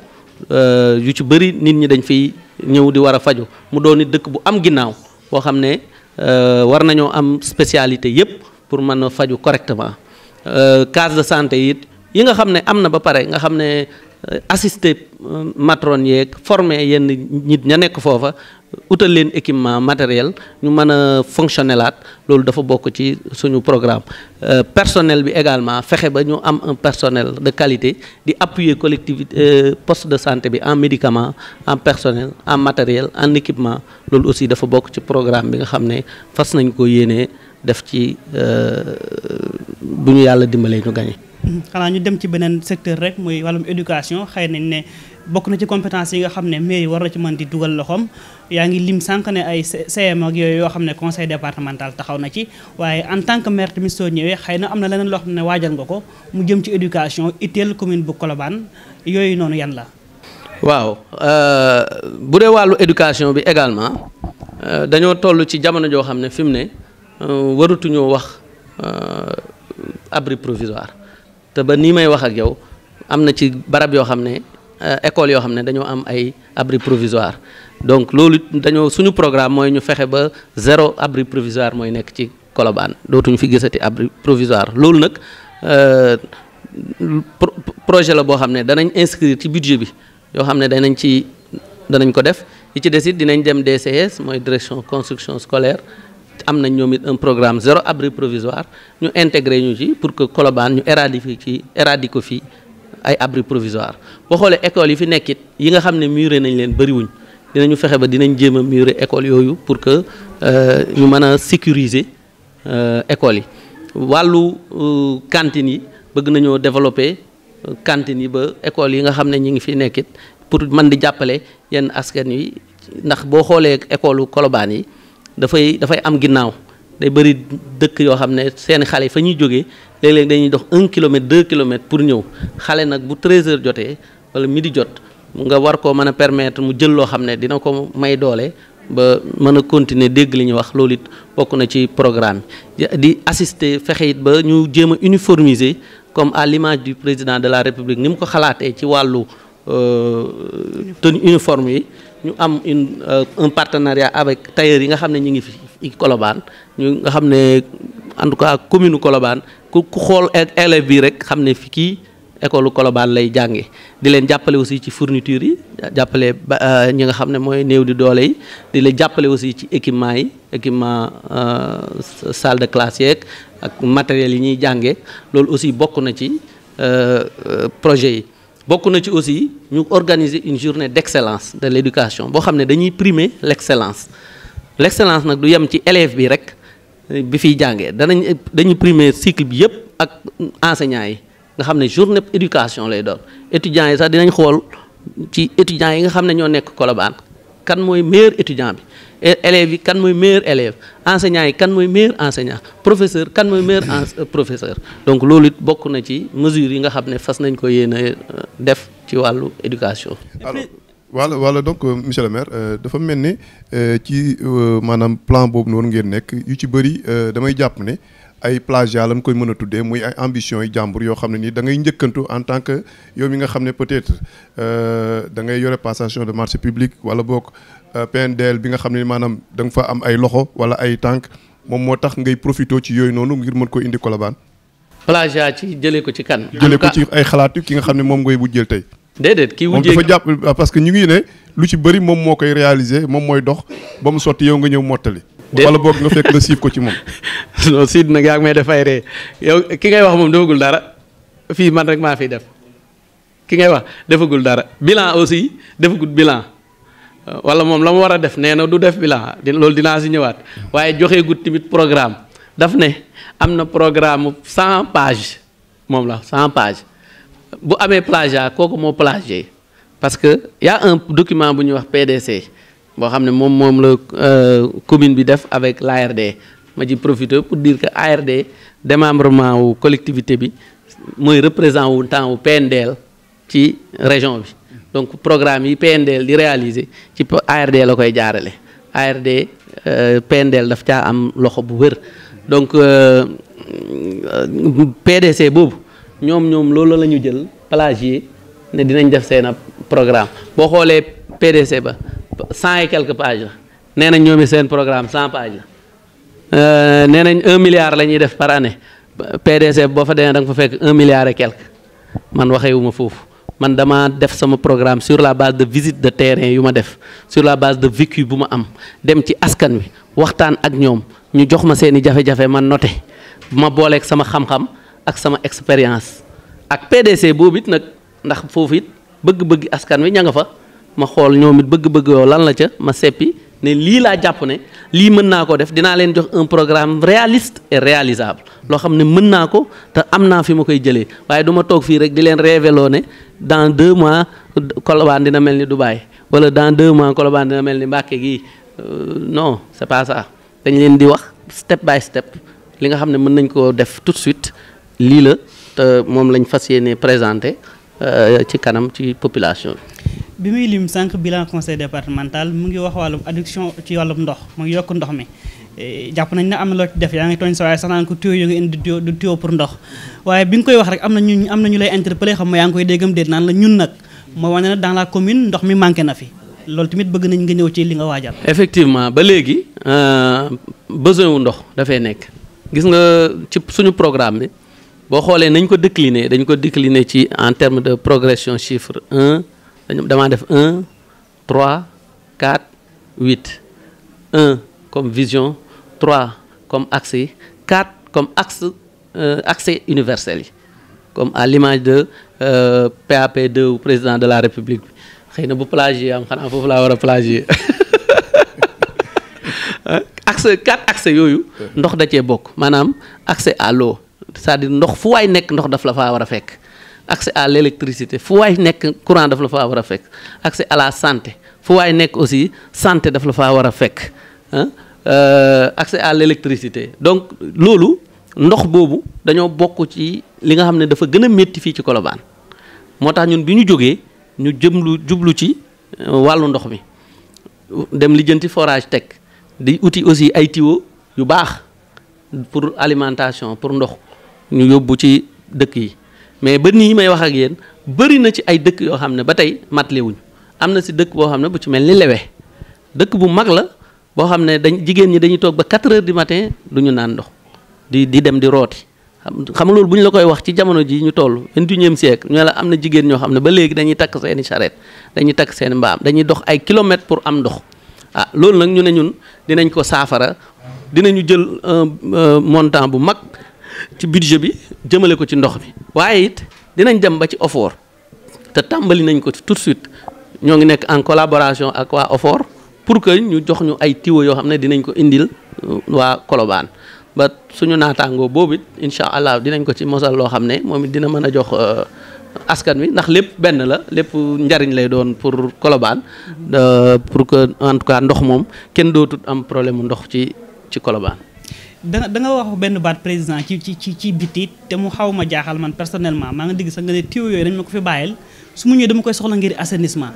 euh, yu ci bëri nit ñi dañ fiy ñëw di war a faju mu doon it dëkk bu am ginnaaw boo xam ne euh, war nañoo am spécialité yépp pour mën a faju correctement case de santé it yi nga xam ne am na ba pare nga xam ne Euh, assister euh, matrone yeeg former yenn nit ña nekk foofa utal leen équipement matériel ñu mën a fonctionner laat loolu dafa bokk ci suñu programme euh, personnel bi également fexe ba ñu am un personnel de qualité di appuyer collectivité poste de santé bi en médicament en personnel en matériel en équipement loolu aussi dafa bokk ci programme bi nga xam ne fas nañ ko yéenee def ci bu yàlla dimbalee ñu gañe xanaa ñu dem ci beneen secteur rek muy wàllum éducation xëy nañ ne bokk na ci compétence yi nga xam ne mais war na ci mën di dugal loxoom yaa ngi lim sànq ne ay CM ak yooyu yoo xam ne conseil départemental taxaw na ci waaye en tant que maire mi soo ñëwee xëy na am na leneen loo xam ne waajal nga ko mu jëm ci éducation itteel commune bu Colobane yooyu noonu yan la. waaw euh, bu dee wàllu éducation bi également euh, dañoo toll ci jamono joo xam ne fi mu ne euh, waratuñoo wax abri provisoire. te ba nii may wax ak yow am na ci barab yoo xam ne euh, école yoo xam ne dañoo am ay abri provisoire donc loolu dañoo suñu programme mooy ñu fexe ba zéro abri provisoire mooy nekk ci Colobane dootuñu fi gisati abri provisoire loolu nag euh, projet la boo xam ne danañ inscrire ci budget bi yoo xam ne danañ ci danañ ko def yi ci des it dinañ dem DCS mooy direction construction scolaire am nañ ñoom it un programme zéro abri provisoire ñu intégré ñu ci pour que kolobaan ñu éradi éradiquer ci ko fii ay abri provisoire boo xoolee écoles yi fi nekkit yi nga xam ne muré nañ leen bëriwuñ dinañu fexe ba dinañ jéem a muré école yooyu pour que euh, ñu mën a sécuriser euh, école yi wàllu euh, cantine yi bëgg nañoo développer cantine yi ba écoles yi nga xam ne ñi ngi fi nekkit pour man di jàppale yenn askan yi ndax boo xoolee école Colobane yi dafay dafay am ginnaaw day bëri dëkk yoo xam ne seeni xale yi fa ñuy jóge léeg-léeg dañuy dox un kilomètre deux kilomètres pour ñëw xale nag bu 13 heures jotee wala midi jot mu nga war koo mën a permettre mu jël loo xam ne dina ko may doole ba mën a continuer dégg li ñuy wax loolu it bokk na ci programme di assister fexe it ba ñu jéem a uniformiser comme à l'image du président de la république ni mu ko xalaatee ci wàllu euh, tenue uniforme yi ñu am une euh, un partenariat avec tailleur yi nga xam ne ñu ngi fi Colobane ñu nga xam ne en tout cas commune Colobane ku xool élève bi rek xam ne fi kii école Colobane lay jànge di leen jàppale aussi ci fourniture yi jàppale ba euh, ñi nga xam ne mooy néew di doole di leen jàppale aussi ci équipement yi équipement euh, salle de classe yeeg ak matériel yi ñuy jànge loolu aussi bokk na ci projet yi bokk na ci aussi ñu organiser une journée d'excellence de l'éducation boo xam ne dañuy primer l'excellence l'excellence nag du yem ci élève bi rek bi fiy jàngee danañ dañuy primer cycle bi yépp ak enseignants yi nga xam ne journée éducation lay doon étudiants yi sax dinañ xool ci étudiants yi nga xam ne ñoo nekk Colobane kan mooy meilleur étudiant bi élèves yi kan mooy meilleur élève enseignant yi kan mooy meilleur enseignant professeur kan mooy meilleur euh, professeur donc loolu it bokk na ci mesures yi nga xam ne fas nañ ko yéene euh, def ci wàllu éducation. alors voilà voilà donc euh, monsieur le maire dafa mel ne ci maanaam plan boobu noonu ngeen nekk yu ci bëri damay jàpp ne. ay plagiat lañ koy mën a tuddee muy ay ambition yi jàmbur yoo xam ne nii da ngay njëkkantu en tant que yow mi nga xam ne peut-être da ngay yore passation de marché public wala boog Euh, PNDL bi nga xam ne maanaam da nga fa am ay loxo wala ay tànk moom moo tax ngay profité ci yooyu noonu ngir mën ko indi Colobane. plagiat ci jëlee ko ci kan. jëlee ko ci ay xalaatu ki nga xam ne moom ngay wujjeel tey. déedéet kii wujjee moom dafa jàpp ah, parce que ñu ngi ne lu ci bëri moom moo koy réaliser moom mooy dox ba mu sotti yow nga ñëw mottali. wala boog nga fekk nga siif ko ci moom. non siit nag yaa ngi def ay ree ki ngay wax moom defagul dara fii man rek maa fiy def ki ngay wax defagul dara bilan aussi defagul bilan. wala moom la mu war a def nee na du def bilan di loolu dinaa si ñëwaat waaye joxe gut tamit programme daf ne am na programme cent page moom la cent page bu amee plagiat kooku moo plagié parce que y a un document bu ñuy wax PDC boo xam ne moom moom la euh, commune bi def avec l'ARD ma ci profité pour dire que ARD démembrement wu collectivité bi mooy représent wu temps wu PNDL ci région bi donc programme yi PNDL di réaliser ci ARD la koy jaarale ARD euh, PNDL daf caa am loxo bu wër donc euh, PDC boobu ñoom ñoom loolu la ñu jël plagier ne dinañ def seen programme boo xoolee PDC ba cent et quelques pages la nee nañ ñoomi seen programme cent pages la euh, nee nañ un milliard la ñuy def par année PDC boo fa dee da nga fa fekk un milliard et quelque man waxewuma foofu. man dama def sama programme sur la base de visite de terrain yu ma def sur la base de vécu bu ma am dem ci askan wi waxtaan ak ñoom ñu jox ma seeni jafe-jafe man noté ma booleeg sama xam-xam ak sama expérience ak PDC boobu it nag ndax foofu it bëgg-bëgg askan wi ña nga fa ma xool ñoom it bëgg-bëgg lan la ca ma seppi ne lii laa jàpp ne lii mën naa ko def dinaa leen jox un programme réaliste et réalisable loo xam ne mën naa ko te am naa fi ma koy jëlee waaye duma toog fii rek di leen révéloo ne dans deux mois Colobane dina mel ni du Dubaï wala dans deux mois Colobane dina mel ni Mbàkke gi euh, non c'est pas ça dañ leen di wax step by step li nga xam ne mën nañ koo def tout de suite lii la te moom lañ fas yéene présenté euh, ci kanam ci population bi muy lim sànq bilan conseil départemental mu ngi wax wàllum adduction ci wàllum ndox mu ngi yokk ndox mi eh, jàpp nañ ne am na loo ci def yaa ngi tooñ sa waaye sax naan ko tuyau yo nga indi du tuyau pour ndox waaye bi nga koy wax rek am na ñu am na ñu lay interpellé xam ma yaa ngi koy déggam déet naan la ñun nag moo wane na dans commune ndox mi manqué na fi loolu tamit bëgg nañ nga ñëw ci li nga waajal. effectivement ba léegi euh, besoin wu ndox dafay nekk gis nga ci suñu programme bi boo xoolee nañ ko décliner dañ ko décliner ci en de progression chiffre damaa def 1 3 4 8 comme vision trois comme axe yi comme axe euh, accès universel yi comme à l'image de euh, PAP2 ou président de la République xëy na bu plagier am xanaa foofu laa war a plagier accès quatre accès yooyu ndox da cee bokk maanaam accès à l'eau cest dire ndox fu waay nekk ndox daf la faa war a fekk accès à l' électricité fu waay nekk courant daf la faa war a fekk accès à la santé fu nekk aussi santé daf la faa war a fekk euh, accès à donc loolu ndox boobu dañoo bokk ci li nga xam ne dafa gën a métti fii ci Colobane moo tax ñun bi ñu jógee ñu jëmlu jublu ci euh, wàllu ndox mi dem lijjanti forage teg di uti aussi ay yu baax pour alimentation pour ndox ñu yóbbu ci dëkk yi mais ba nii may wax ak yéen bëri na ci ay dëkk yoo xam ne ba tey matle wuñu am na si dëkk boo xam ne bu ci mel ni lewe dëkk bu mag la boo xam ne dañ jigéen ñi dañuy toog ba 4 heures du matin du ñu naan ndox di di dem di rooti xam nga loolu bu ñu la koy wax ci jamono ji ñu toll vingt-et-unième siècle ñu la am na jigéen ñoo xam ne ba léegi dañuy takk seeni charrette dañuy takk seeni mbaam dañuy dox ay kilomètres pour am ndox ah loolu nag ñu ne ñun dinañ ko saafara dinañu jël montant bu mag ci budget bi jëmale ko ci ndox mi waaye it dinañ dem ba ci OFOR te tàmbali nañ ko tout de suite ñoo ngi nekk en collaboration ak waa OFOR pour que ñu jox ñu ay tiwo yoo xam ne dinañ ko indil euh, waa Colobane ba suñu naataangoo boobu it incha allah dinañ ko ci mosal loo xam ne moom it dina mën a jox euh, askan wi ndax lépp benn la lépp njariñ lay doon pour Colobane mm-hmm. euh, pour que en tout cas ndox moom kenn dootul am problème mu ndox ci ci Colobane da da nga wax benn baat président ci ci ci ci biti te mu xaw ma jaaxal man personnellement maa nga dégg sax nga ne tiw yooyu dañ ma ko fi bàyyil su mu ñëwee dama koy soxla ngir assainissement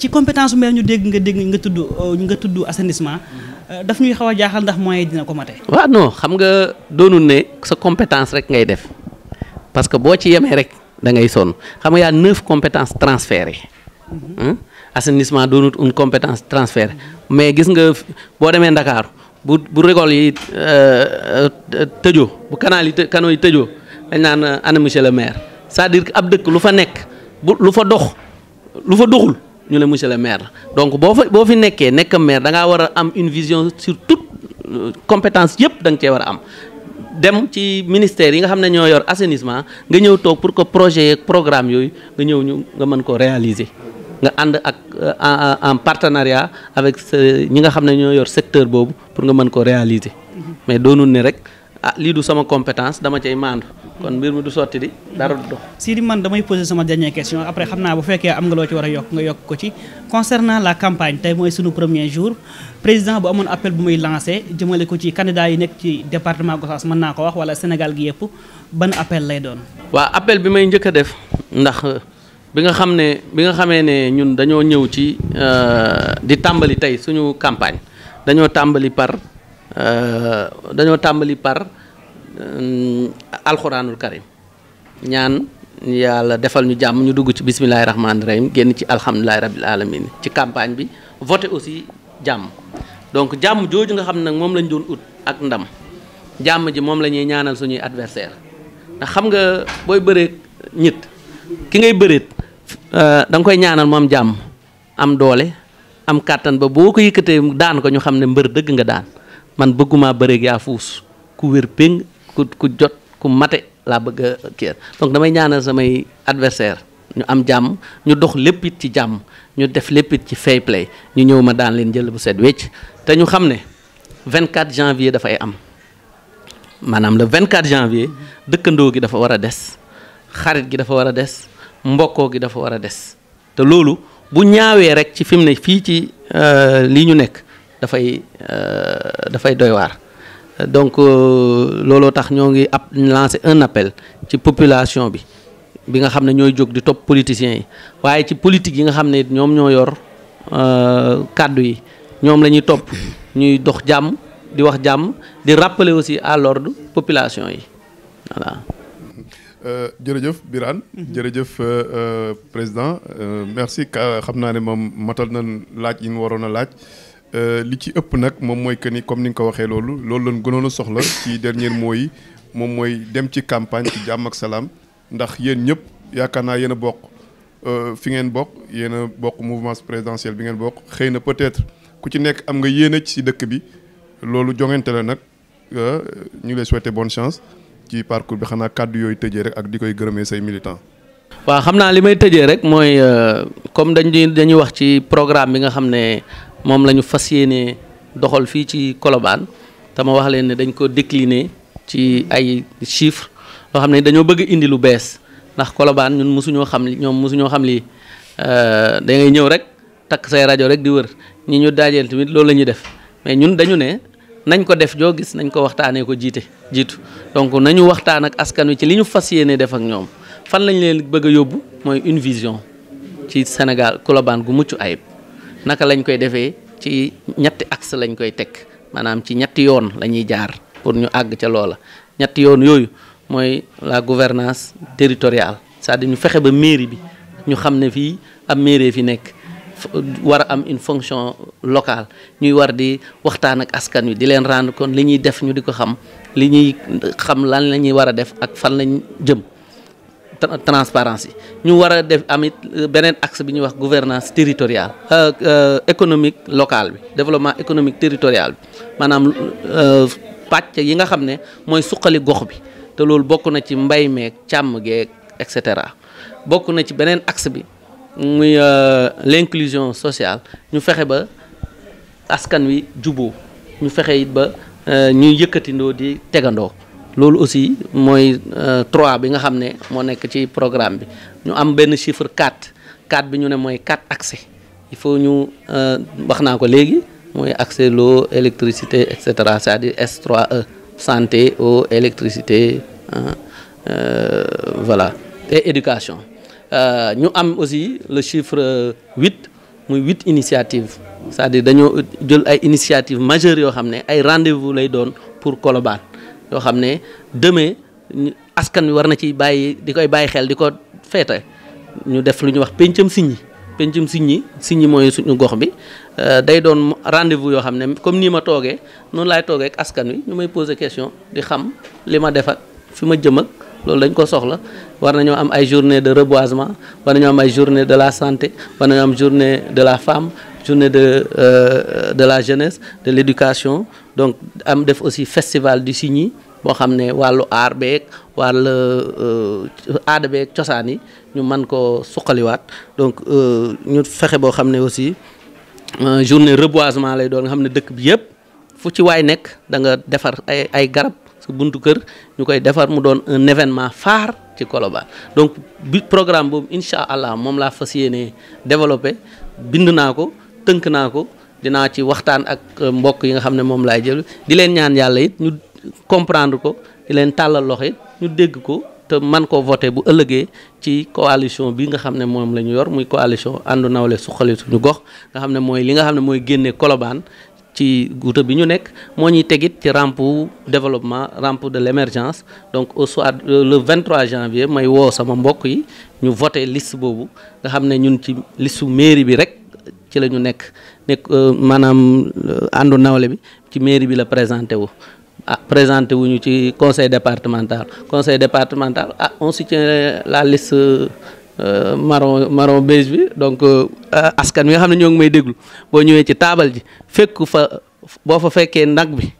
ci compétence maire ñu dégg nga dégg nga tudd euh, nga tudd assainissement euh, daf ñuy xaw a jaaxal ndax moyen dina ko mate. waaw non xam nga doonul ne sa compétence rek ngay def parce que boo ci yemee rek da ngay sonn xam nga yaa neuf compétences transférées mhm. assainissement doonul une compétence transférée mais gis nga boo demee Ndakaaru bu bu rigole yi euh, euh, tëjoo bu canal yi yi tëjoo dañ naan euh, ana monsieur le maire c'est-à-dire que ab dëkk lu fa nekk bu lu fa dox lu fa doxul ñu ne monsieur le maire la donc boo fa boo fi nekkee nekk maire da ngaa war a am une vision sur compétence yëpp da nga cee war a am dem ci ministère yi nga xam ne ñoo yor assainissement nga ñëw toog pour que projet yeeg programme yooyu nga ñëw ñu nga mën ko réaliser nga ànd ak euh, en partenariat avec ñi nga xam ne ñoo yor secteur boobu pour nga mën ko réaliser mais doo doonul ni rek ah lii du sama compétence dama cay maandu kon mbir mi du sotti di dara du dox si man damay poser sama dernière question après xam naa bu fekkee am nga loo ci war a yokk nga yokk ko ci concernant la campagne tey mooy sunu premier jour président bu amoon appel bu muy lancé jëmale ko ci candidat yi nekk ci département Gossas mën naa ko wax wala Sénégal gi yëpp ban appel lay doon bi nga xam ne bi nga xamee ne ñun dañoo ñëw ci euh, di tàmbali tey suñu campagne dañoo tàmbali par euh, dañoo tàmbali par euh, alxuraanul karim ñaan yàlla defal ñu jàmm ñu dugg ci bismillahi rahmaani rahim génn ci alhamdulilahi rabil alamin ci campagne bi voté aussi jàmm donc jàmm jooju nga xam nag moom lañ doon ut ak ndam jàmm ji moom la ñuy ñaanal suñuy adversaire xam nga booy bëreek ñit ki ngay bëreet Euh, da nga koy ñaanal mu am jàmm am doole am kàttan ba boo ko yëkkatee daan ko ñu xam ne mbër dëgg nga daan man bëgguma bëreeg yaa fuus ku wér péng ku ku jot ku mate laa bëgg a kii donc damay ñaanal samay adversaire ñu am jàmm ñu dox lépp it ci jàmm ñu def léppit ci fair play ñu ñëw ma daan leen jël bu set wecc te ñu xam ne vingt 24 janvier dafay am maanaam le 24 janvier dëkkandoo gi dafa war a des xarit gi dafa war a des. mbokkoo gi dafa war a des te loolu bu ñaawee rek ci fi mu ne fii ci euh, lii ñu nekk dafay euh, dafay doy waar donc euh, looloo tax ñoo ngi ab lancé un appel ci population bi bi nga xam ne ñooy jóg di topp politiciens yi waaye ci politique yi nga xam ne ñoom ñoo yor kàddu yi ñoom la ñuy topp ñuy dox jàmm di wax jàmm di rappeler aussi à l'ordre population yi Euh, jërëjëf Birane mhm. jërëjëf euh, euh, président merci ka xam naa ne moom matal na laaj yi ñu waroon a laaj li ci ëpp nag moom mooy que ni comme ni nga ko waxee loolu loolu lañ gënoon soxla ci dernier mooy moom mooy dem ci campagne ci jàmm ak salaam ndax yéen ñëpp yaakaar naa yéen a bokk fi ngeen bokk yéen a bokk mouvement présidentiel bi ngeen bokk xëy na peut-être ku ci nekk am nga yéene ci dëkk bi loolu jongante la nag ñu lay souhaiter bonne chance ci parcours bi xanaa kàddu yooyu tëjee rek ak di koy gërëmee say militants. waaw xam naa li may tëjee rek mooy euh, comme dañuy dañuy wax ci programme bi nga xam ne moom la ñu fas yéene doxal fii ci colobaan te ma wax leen ne dañ ko décliner ci ay chiffres loo xam ne dañoo bëgg indi lu bees ndax colobaan ñun mosuñoo xam li ñoom mosuñoo xam lii euh, da ngay ñëw rek takk say rajo rek di wër ñi ñu daajeel tamit loolu la ñuy def mais ñun dañu ne nañ ko def joo gis nañ ko waxtaanee ko jiite jiitu donc nañu waxtaan ak askan wi ci li ñu fas yéene def ak ñoom fan lañ leen bëgg a yóbbu mooy une vision ci Sénégal Colobane gu mucc ayib naka lañ koy defee ci ñetti axe lañ koy teg maanaam ci ñetti yoon la ñuy jaar pour ñu àgg ca loola ñetti yoon yooyu mooy la gouvernance teritoriale cest à ñu fexe ba mairie bi ñu xam ne fii ab mairie fi nekk war a am une fonction locale ñuy war di waxtaan ak askan wi di leen rendre kon li ñuy def ñu di ko xam li ñuy xam lan la ñuy war a def ak fan lañ jëm transparence yi ñu war a def amit euh, beneen axe bi ñuy wax gouvernance territoriale euh, euh, économique locale bi développement économique territorial bi maanaam pàcc yi nga xam ne mooy suqali gox bi te loolu bokk na ci mbay meeg càmm geeg et cetera bokk na ci beneen axe bi muy euh, l'inclusion sociale ñu fexe ba askan wi jubo ñu fexe it ba euh, ñuy yëkkatindoo di tegandoo loolu aussi mooy 3 euh, bi nga xam ne moo nekk ci programme bi ñu am benn chiffre 4 4 bi ñu ne mooy 4 accès il faut ñu wax naa ko léegi mooy accès l'eau électricité et cetera di à e santé eau électricité voilà et éducation Euh, ñu am aussi le chiffre huit muy huit initiatives c'est-à-dire dañoo jël ay initiatives majeures yoo xam ne ay rendez-vous lay doon pour Colobane yoo xam ne demain askan wi war na ci bàyyi di koy bàyyi xel di ko feete ñu def lu ñuy wax pencam siñi pencum siñi siñi mooy suñu gox bi euh, day doon rendez-vous yoo xam ne comme nii ma toogee noonu lay toogee ak askan wi ñu may poser question di xam li ma def fi ma jëm loolu dañ ko soxla war nañoo am ay journée de reboisement war nañoo am ay journée de la santé war nañoo am journée de la femme journée de euh, de la jeunesse de l'éducation donc am def aussi festival du signes boo xam ne wàllu aar beeg wàllu euh, aada beeg cosaan yi ñu man ko suqaliwaat donc euh, ñu fexe boo xam ne aussi journée reboisement lay doon nga xam ne dëkk bi yëpp fu ci waay nekk da nga defar ay ay garab. buntu kër ñu koy defar mu doon un événement phare ci Colobane donc bi programme boobu incha allah moom laa fas yéenee développé bind naa ko tënk naa ko dinaa ci waxtaan ak euh, mbokk yi nga xam ne moom laay jël di leen ñaan yàlla it ñu comprendre ko leen tàllal loxo it ñu dégg ko te man koo voté bu ëllëgee ci coalition bi nga xam ne moom la ñu yor muy coalition àndu nawle suqali suñu gox nga xam ne mooy li nga xam ne mooy génne Colobane ci guuta bi ñu nekk moo ñuy tegit ci rampe développement rampe de l'émergence donc au soir euh, le 23 janvier may woo sama mbokk yi ñu voté liste boobu nga xam ne ñun ci listu mairie bi rek ci la ñu nekk nekk euh, maanaam euh, àndu nawle bi ci mairie bi la présenté wu ah présenté wuñu ci conseil départemental conseil départemental ah on soutient la liste Euh, marron marron beige bi donc euh, askan wi nga xam ne ñoo ngi may déglu boo ñëwee ci taabal ji fekku fa boo fa fekkee nag bi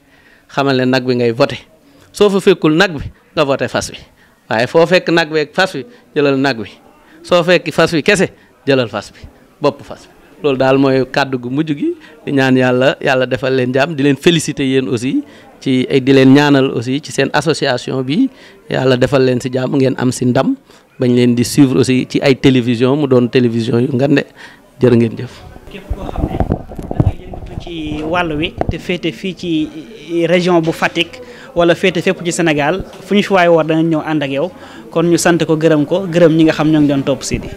xamal ne nag bi ngay voté soo fa fekkul nag bi nga voté fas wi waaye foo fekk nag bi ak fas wi jëlal nag wi soo fekk fas wi kese jëlal fas bi bopp fas bi loolu daal mooy kàddu gu mujj gi ñaan yàlla yàlla defal leen jàmm di leen féliciter yéen aussi ci di leen ñaanal aussi ci seen association bi yàlla defal leen si jàmm ngeen am si ndam bañ leen di suivre aussi ci ay télévision mu doon télévision yu ngande jër ngeen jëf. képp ci wàll wi te féete fii ci région bu Fatick wala féete fépp ci Sénégal fu ñu fi waaye war danañ ñëw ànd ak yow kon ñu sant ko gërëm ko gërëm ñi nga xam ñoo ngi doon topp si di.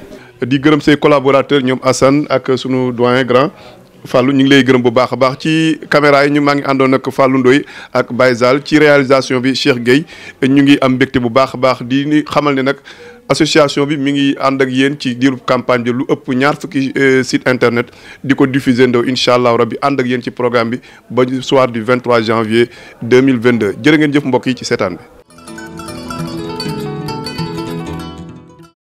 di gërëm say collaborateur ñoom assan ak sunu doyen grand. Fallou ñu ngi lay gërëm bu baax a baax ci caméra yi ñu maa ngi àndoon ak Fallou ndoy ak Baye ci réalisation bi Cheikh Gueye ñu ngi am mbégte bu baax a baax di xamal ne nag association bi mi ngi ànd ak yéen ci diiru campagne bi lu ëpp ñaar fukki euh, site internet di ko diffuser ndaw incha allah rabbi ànd ak yéen ci programme bi ba soir du 23 janvier 2022 jërë ngeen jëf mbokk yi ci seetaan bi.